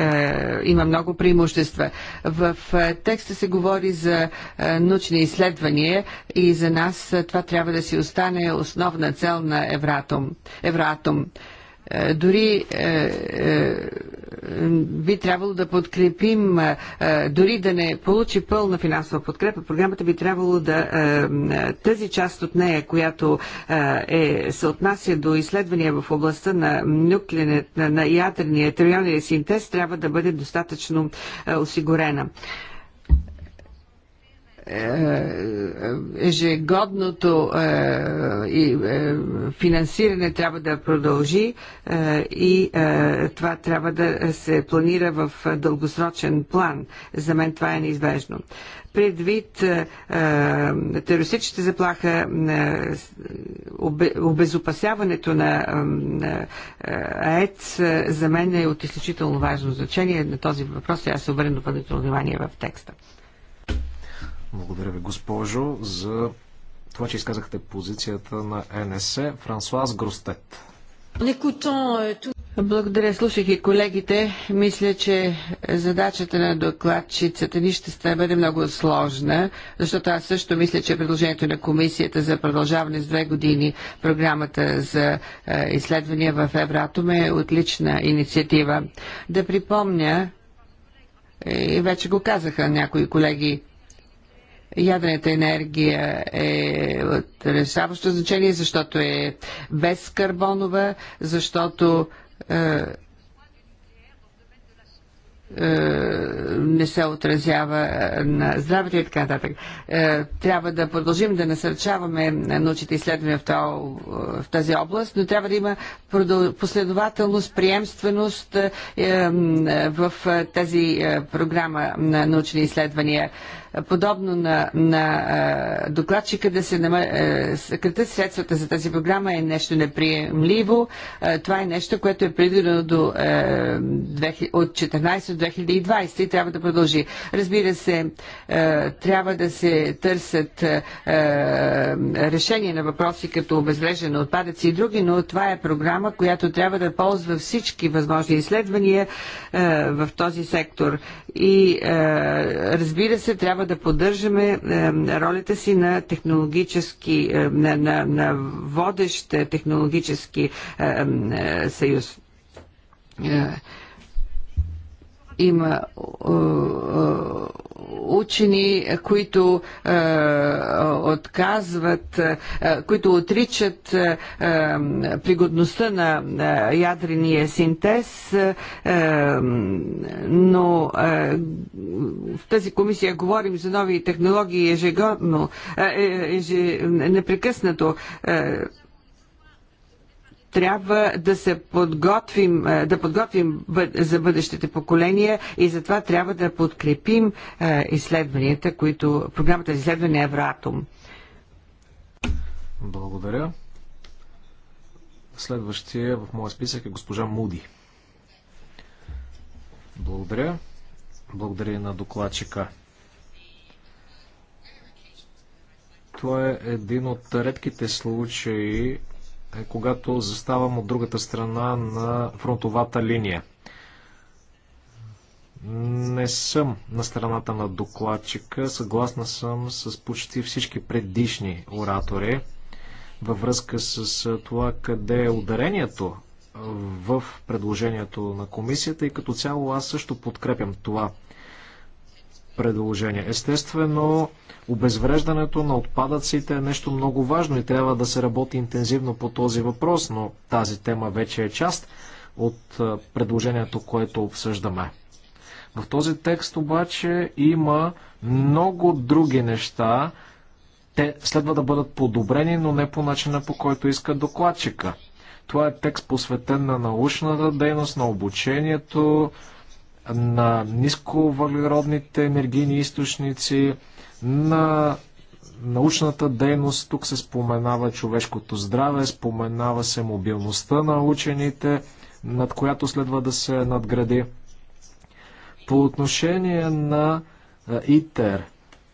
има много преимущества. В текста се говори за научни изследвания и за нас това трябва да си остане основна цел на Евратом. Евратом. Е, дори е, е, би трябвало да подкрепим, дори да не получи пълна финансова подкрепа, програмата би трябвало да тази част от нея, която е, се отнася до изследвания в областта на нюклене, на, ядерния триалния синтез, трябва да бъде достатъчно осигурена. Е, ежегодното е, е, финансиране трябва да продължи и това трябва да се планира в дългосрочен план. За мен това е неизбежно. Предвид терористичната заплаха, обезопасяването на АЕЦ за мен е от изключително важно значение. На този въпрос и аз се обърна допълнително внимание в текста. Благодаря ви, госпожо, за това, че изказахте позицията на НСЕ. Франсуаз Гростет. Благодаря. Слушах и колегите. Мисля, че задачата на докладчицата ни ще бъде много сложна, защото аз също мисля, че предложението на комисията за продължаване с две години програмата за е, изследвания в Евратом е отлична инициатива. Да припомня, и е, вече го казаха някои колеги, Ядрената енергия е от решаващо значение, защото е безкарбонова, защото е, е не се отразява на здравето и така нататък. Е, трябва да продължим да насърчаваме научните изследвания в, това, в тази област, но трябва да има последователност, приемственост е, в тази програма на научни изследвания подобно на, на докладчика да се а, е, съкратят средствата за тази програма е нещо неприемливо. Е, това е нещо, което е предвидено до, е, от 14 до 2020 и трябва да продължи. Разбира се, трябва да се търсят решения на въпроси като обезвреждане отпадъци и други, но това е програма, която трябва да ползва всички възможни изследвания в този сектор. И разбира се, трябва да поддържаме е, ролята си на технологически, е, на, на, на водещ технологически е, съюз. Има е, е, учени, които е, отказват, които отричат пригодността на ядрения синтез, но в тази комисия говорим за нови технологии ежегодно, непрекъснато трябва да се подготвим, е, да подготвим за бъдещите поколения и затова трябва да подкрепим е, изследванията, които програмата за изследване Евратум. Благодаря. Следващия в моя списък е госпожа Муди. Благодаря. Благодаря на докладчика. Това е един от редките случаи, е когато заставам от другата страна на фронтовата линия. Не съм на страната на докладчика. Съгласна съм с почти всички предишни оратори във връзка с това къде е ударението в предложението на комисията и като цяло аз също подкрепям това предложение. Естествено, Обезвреждането на отпадъците е нещо много важно и трябва да се работи интензивно по този въпрос, но тази тема вече е част от е, предложението, което обсъждаме. В този текст обаче има много други неща. Те следва да бъдат подобрени, но не по начина по който иска докладчика. Това е текст посветен на научната дейност, на обучението, на нисковъглеродните енергийни източници, на научната дейност. Тук се споменава човешкото здраве, споменава се мобилността на учените, над която следва да се надгради. По отношение на ИТЕР,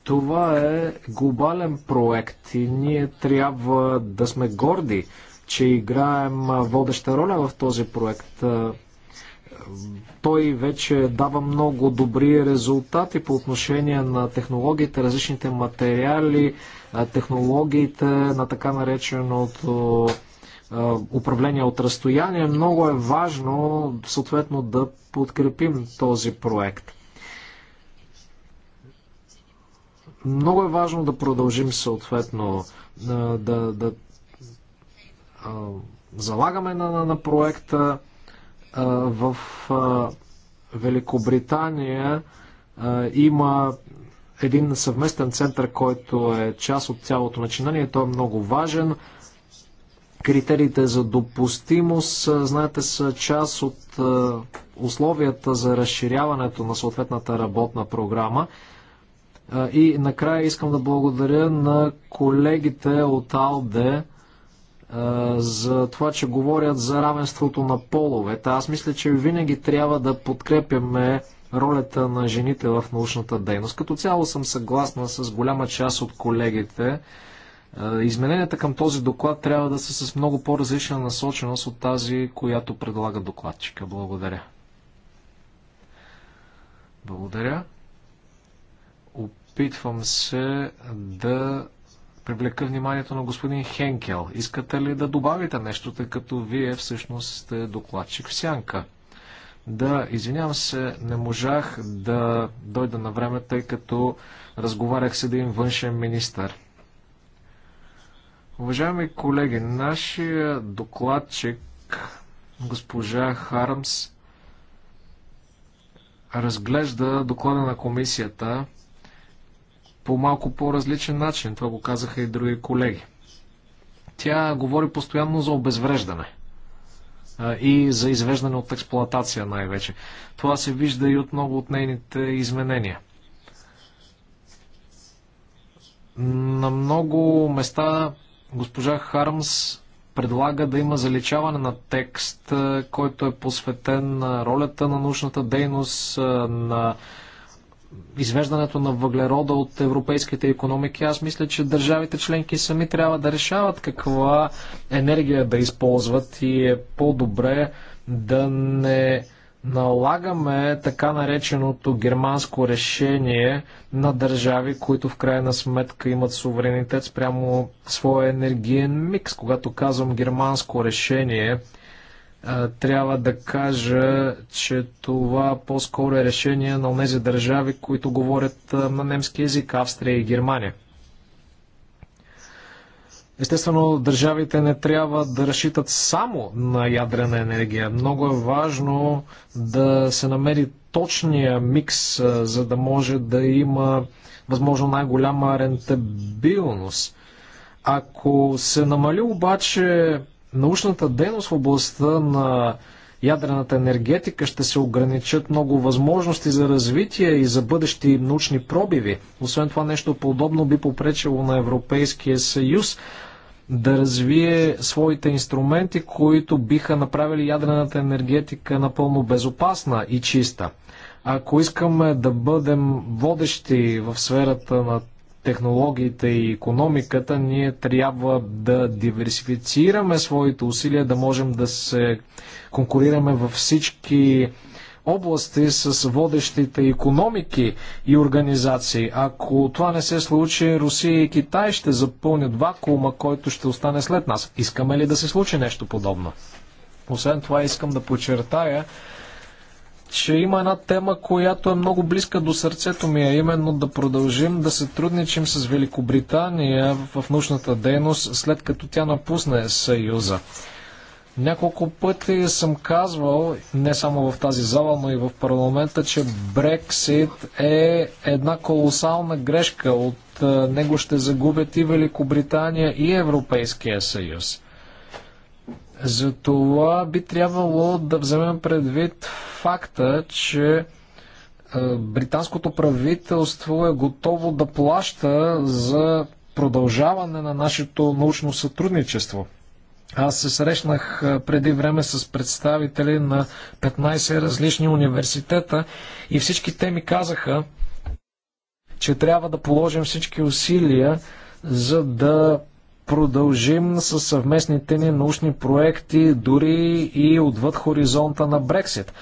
това е глобален проект и ние трябва да сме горди, че играем водеща роля в този проект. Той вече дава много добри резултати по отношение на технологиите, различните материали, технологиите на така нареченото управление от разстояние. Много е важно съответно да подкрепим този проект. Много е важно да продължим съответно да, да залагаме на, на, на проекта в Великобритания има един съвместен център, който е част от цялото начинание. Той е много важен. Критериите за допустимост, знаете, са част от условията за разширяването на съответната работна програма. И накрая искам да благодаря на колегите от АЛДЕ за това, че говорят за равенството на половете. Аз мисля, че винаги трябва да подкрепяме ролята на жените в научната дейност. Като цяло съм съгласна с голяма част от колегите. Измененията към този доклад трябва да са с много по-различна насоченост от тази, която предлага докладчика. Благодаря. Благодаря. Опитвам се да привлека вниманието на господин Хенкел. Искате ли да добавите нещо, тъй като вие всъщност сте докладчик в сянка? Да, извинявам се, не можах да дойда на време, тъй като разговарях с един външен министър. Уважаеми колеги, нашия докладчик, госпожа Хармс, разглежда доклада на комисията по малко по-различен начин. Това го казаха и други колеги. Тя говори постоянно за обезвреждане и за извеждане от експлоатация най-вече. Това се вижда и от много от нейните изменения. На много места госпожа Хармс предлага да има заличаване на текст, който е посветен на ролята на научната дейност, на извеждането на въглерода от европейските економики, аз мисля, че държавите членки сами трябва да решават каква енергия да използват и е по-добре да не налагаме така нареченото германско решение на държави, които в крайна сметка имат суверенитет спрямо своя енергиен микс. Когато казвам германско решение, трябва да кажа, че това по-скоро е решение на тези държави, които говорят на немски язик, Австрия и Германия. Естествено, държавите не трябва да разчитат само на ядрена енергия. Много е важно да се намери точния микс, за да може да има възможно най-голяма рентабилност. Ако се намали обаче научната дейност в областта на ядрената енергетика ще се ограничат много възможности за развитие и за бъдещи научни пробиви. Освен това нещо подобно би попречило на Европейския съюз да развие своите инструменти, които биха направили ядрената енергетика напълно безопасна и чиста. Ако искаме да бъдем водещи в сферата на технологиите и економиката, ние трябва да диверсифицираме своите усилия, да можем да се конкурираме във всички области с водещите економики и организации. Ако това не се случи, Русия и Китай ще запълнят вакуума, който ще остане след нас. Искаме ли да се случи нещо подобно? Освен това искам да подчертая, че има една тема, която е много близка до сърцето ми, а именно да продължим да се трудничим с Великобритания в научната дейност, след като тя напусне Съюза. Няколко пъти съм казвал, не само в тази зала, но и в парламента, че Брексит е една колосална грешка. От него ще загубят и Великобритания, и Европейския съюз. Затова би трябвало да вземем предвид факта, че е, британското правителство е готово да плаща за продължаване на нашето научно сътрудничество. Аз се срещнах е, преди време с представители на 15 различни университета и всички те ми казаха, че трябва да положим всички усилия, за да продължим с съвместните ни научни проекти, дори и отвъд хоризонта на Брексит.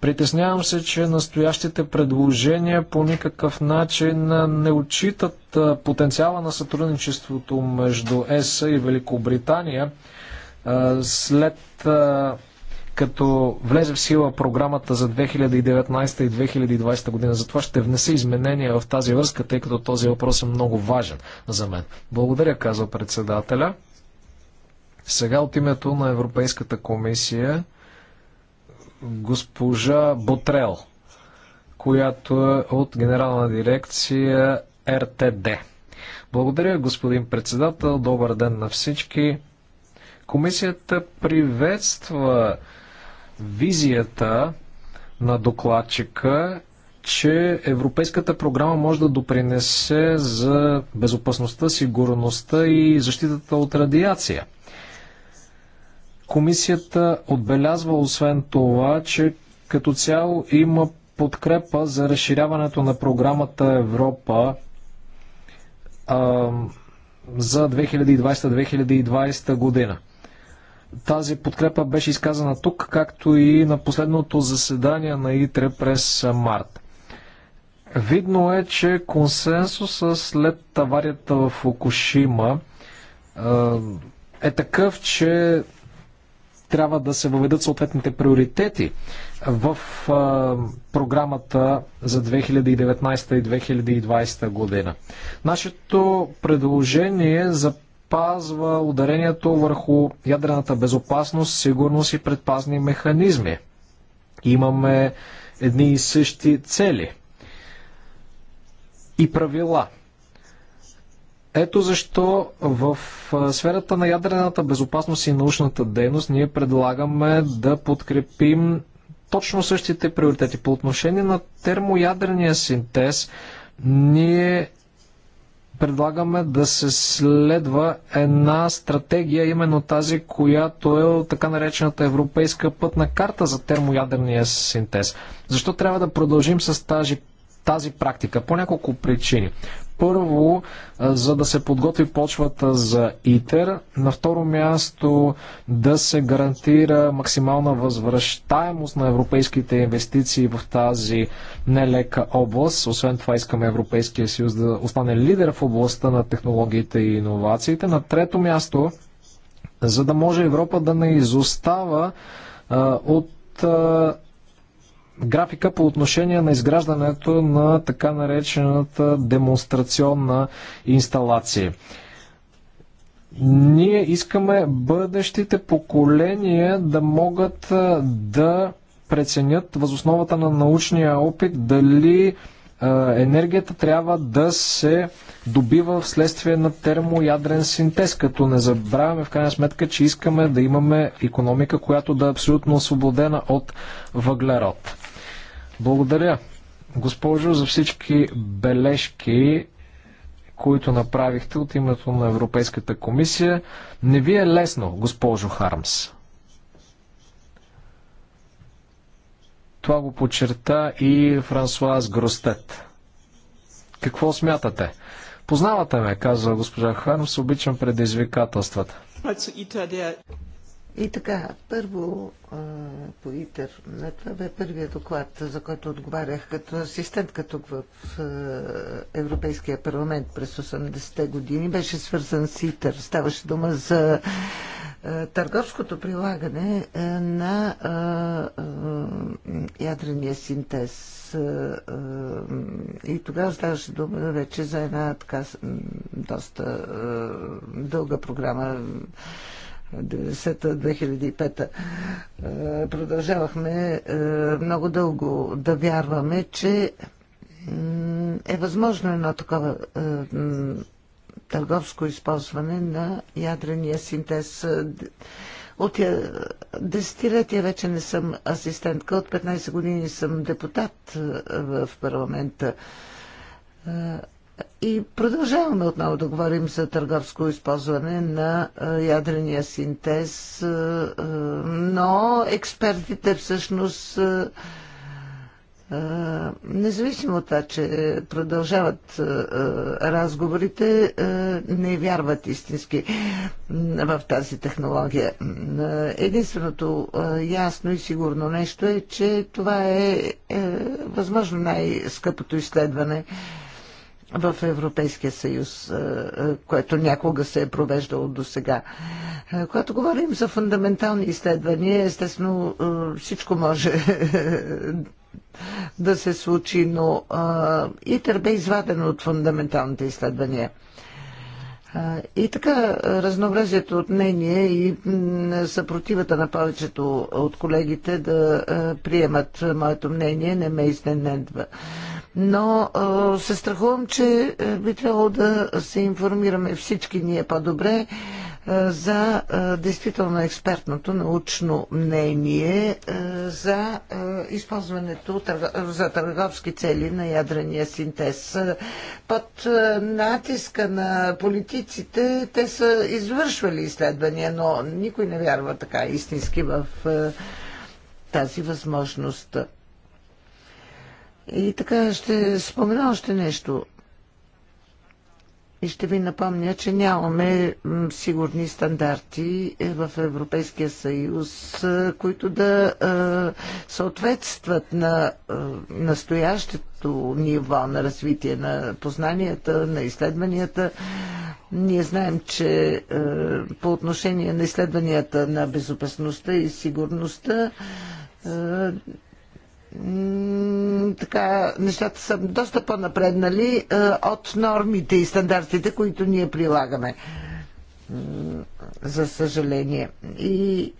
Притеснявам се, че настоящите предложения по никакъв начин не отчитат потенциала на сътрудничеството между ЕС и Великобритания след като влезе в сила програмата за 2019 и 2020 година. Затова ще внеса изменения в тази връзка, тъй като този въпрос е много важен за мен. Благодаря, казва председателя. Сега от името на Европейската комисия госпожа Ботрел, която е от генерална дирекция РТД. Благодаря, господин председател. Добър ден на всички. Комисията приветства визията на докладчика, че Европейската програма може да допринесе за безопасността, сигурността и защитата от радиация. Комисията отбелязва освен това, че като цяло има подкрепа за разширяването на програмата Европа а, за 2020-2020 година. Тази подкрепа беше изказана тук, както и на последното заседание на ИТРЕ през март. Видно е, че консенсуса след аварията в Фукушима е, е такъв, че трябва да се въведат съответните приоритети в програмата за 2019 и 2020 година. Нашето предложение за запазва ударението върху ядрената безопасност, сигурност и предпазни механизми. Имаме едни и същи цели и правила. Ето защо в сферата на ядрената безопасност и научната дейност ние предлагаме да подкрепим точно същите приоритети. По отношение на термоядрения синтез, ние предлагаме да се следва една стратегия, именно тази, която е от така наречената европейска пътна карта за термоядерния синтез. Защо трябва да продължим с тази, тази практика? По няколко причини първо, за да се подготви почвата за ИТЕР. На второ място, да се гарантира максимална възвръщаемост на европейските инвестиции в тази нелека област. Освен това, искаме Европейския съюз да остане лидер в областта на технологиите и иновациите. На трето място, за да може Европа да не изостава а, от а, графика по отношение на изграждането на така наречената демонстрационна инсталация. Ние искаме бъдещите поколения да могат да преценят възосновата на научния опит дали енергията трябва да се добива вследствие на термоядрен синтез, като не забравяме в крайна сметка, че искаме да имаме економика, която да е абсолютно освободена от въглерод. Благодаря, госпожо, за всички бележки, които направихте от името на Европейската комисия. Не ви е лесно, госпожо Хармс. Това го почерта и Франсуаз Гростет. Какво смятате? Познавате ме, казва госпожа Хармс, обичам предизвикателствата. И така, първо по ИТЕР. Това бе първия доклад, за който отговарях като асистентка тук в Европейския парламент през 80-те години. Беше свързан с ИТЕР. Ставаше дума за търговското прилагане на ядрения синтез. И тогава ставаше дума вече за една така доста дълга програма 90-2005. та е, Продължавахме е, много дълго да вярваме, че е възможно едно такова е, търговско използване на ядрения синтез. От десетилетия вече не съм асистентка, от 15 години съм депутат в парламента. И продължаваме отново да говорим за търговско използване на ядрения синтез, но експертите всъщност, независимо от това, че продължават разговорите, не вярват истински в тази технология. Единственото ясно и сигурно нещо е, че това е, е възможно най-скъпото изследване в Европейския съюз, е, е, което някога се е провеждало до сега. Е, когато говорим за фундаментални изследвания, естествено всичко може <laughs> да се случи, но ИТЕР бе изваден от фундаменталните изследвания. И така, разнообразието от мнение и съпротивата на повечето от колегите да приемат моето мнение не ме изненедва но а, се страхувам, че би трябвало да се информираме всички ние по-добре за а, действително експертното научно мнение а, за а, използването търго, за търговски цели на ядрения синтез. Под а, натиска на политиците те са извършвали изследвания, но никой не вярва така истински в а, тази възможност. И така ще спомена още нещо. И ще ви напомня, че нямаме сигурни стандарти е, в Европейския съюз, е, които да е, съответстват на настоящето ниво на развитие на познанията, на изследванията. Ние знаем, че по отношение на изследванията на безопасността и сигурността така, нещата са доста по-напреднали е, от нормите и стандартите, които ние прилагаме. За съжаление. И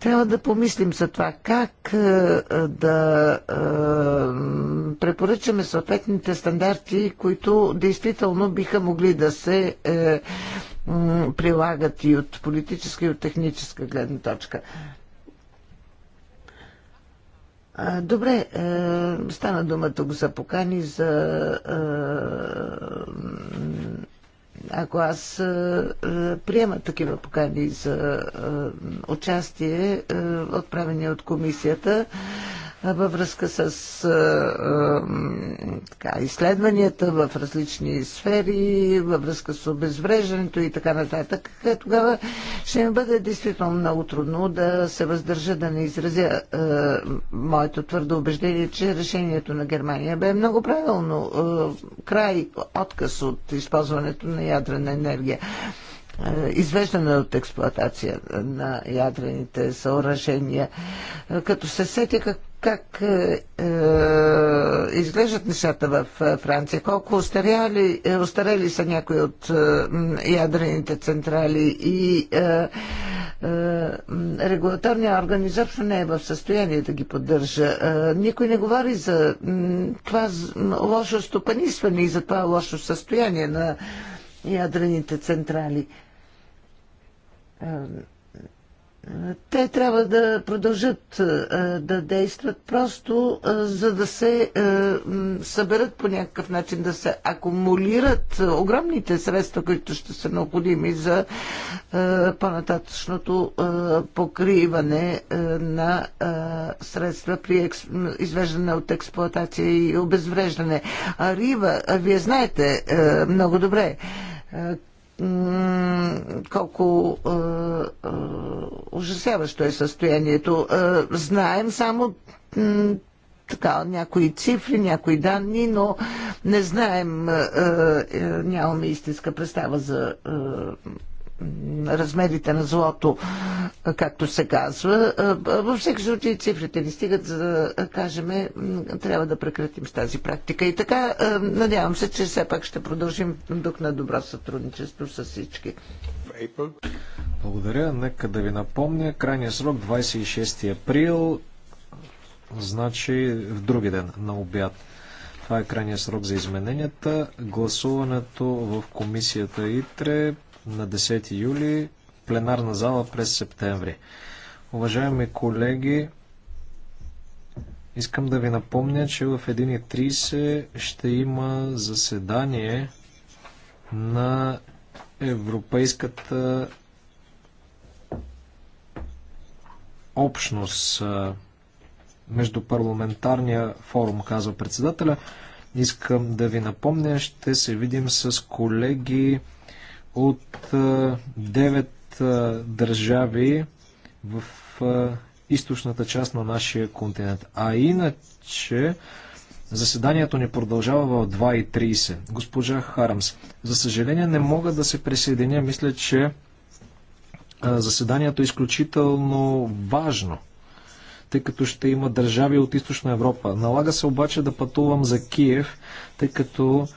трябва да помислим за това как е, да е, препоръчаме съответните стандарти, които действително биха могли да се прилагат и от политическа и от техническа гледна точка. Добре, е, стана дума тук за покани, за е, ако аз е, приема такива покани за участие, отправени от комисията, във връзка с така, изследванията в различни сфери, във връзка с обезвреждането и така нататък, е, тогава ще ми бъде действително много трудно да се въздържа да не изразя моето твърдо убеждение, че решението на Германия бе много правилно. край, отказ от използването на ядрена енергия. Е, извеждане от експлоатация на ядрените съоръжения. Е, като се сетя как, как е, е, изглеждат нещата в е, Франция, колко остаряли, устарели остарели са някои от е, ядрените централи и е, е, регулаторния орган изобщо не е в състояние да ги поддържа. Е, никой не говори за това лошо стопанисване и за това лошо състояние на ядрените централи те трябва да продължат да действат просто за да се съберат по някакъв начин, да се акумулират огромните средства, които ще са необходими за по-нататъчното покриване на средства при извеждане от експлоатация и обезвреждане. А Рива, вие знаете много добре, колко е, е, ужасяващо е състоянието. Е, знаем само така, някои цифри, някои данни, но не знаем, нямаме истинска представа за размерите на злото, както се казва. Във всеки случай цифрите ни стигат, за да кажем, трябва да прекратим с тази практика. И така, е, надявам се, че все пак ще продължим дух на добро сътрудничество с всички. Благодаря. Нека да ви напомня. Крайният срок 26 април, значи в други ден на обяд. Това е крайният срок за измененията. Гласуването в комисията ИТРЕ на 10 юли, пленарна зала през септември. Уважаеми колеги, искам да ви напомня, че в 1.30 ще има заседание на Европейската общност между парламентарния форум, казва председателя. Искам да ви напомня, ще се видим с колеги от 9 държави в източната част на нашия континент. А иначе заседанието ни продължава в 2.30. Госпожа Харамс, за съжаление не мога да се присъединя. Мисля, че заседанието е изключително важно тъй като ще има държави от източна Европа. Налага се обаче да пътувам за Киев, тъй като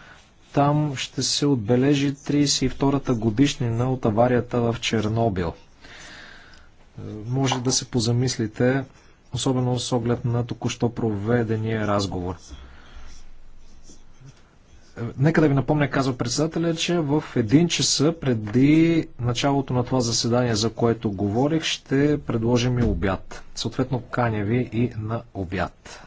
там ще се отбележи 32-та годишнина от аварията в Чернобил. Може да се позамислите, особено с оглед на току-що проведения разговор. Нека да ви напомня, казва председателя, че в един часа преди началото на това заседание, за което говорих, ще предложим и обяд. Съответно, каня ви и на обяд.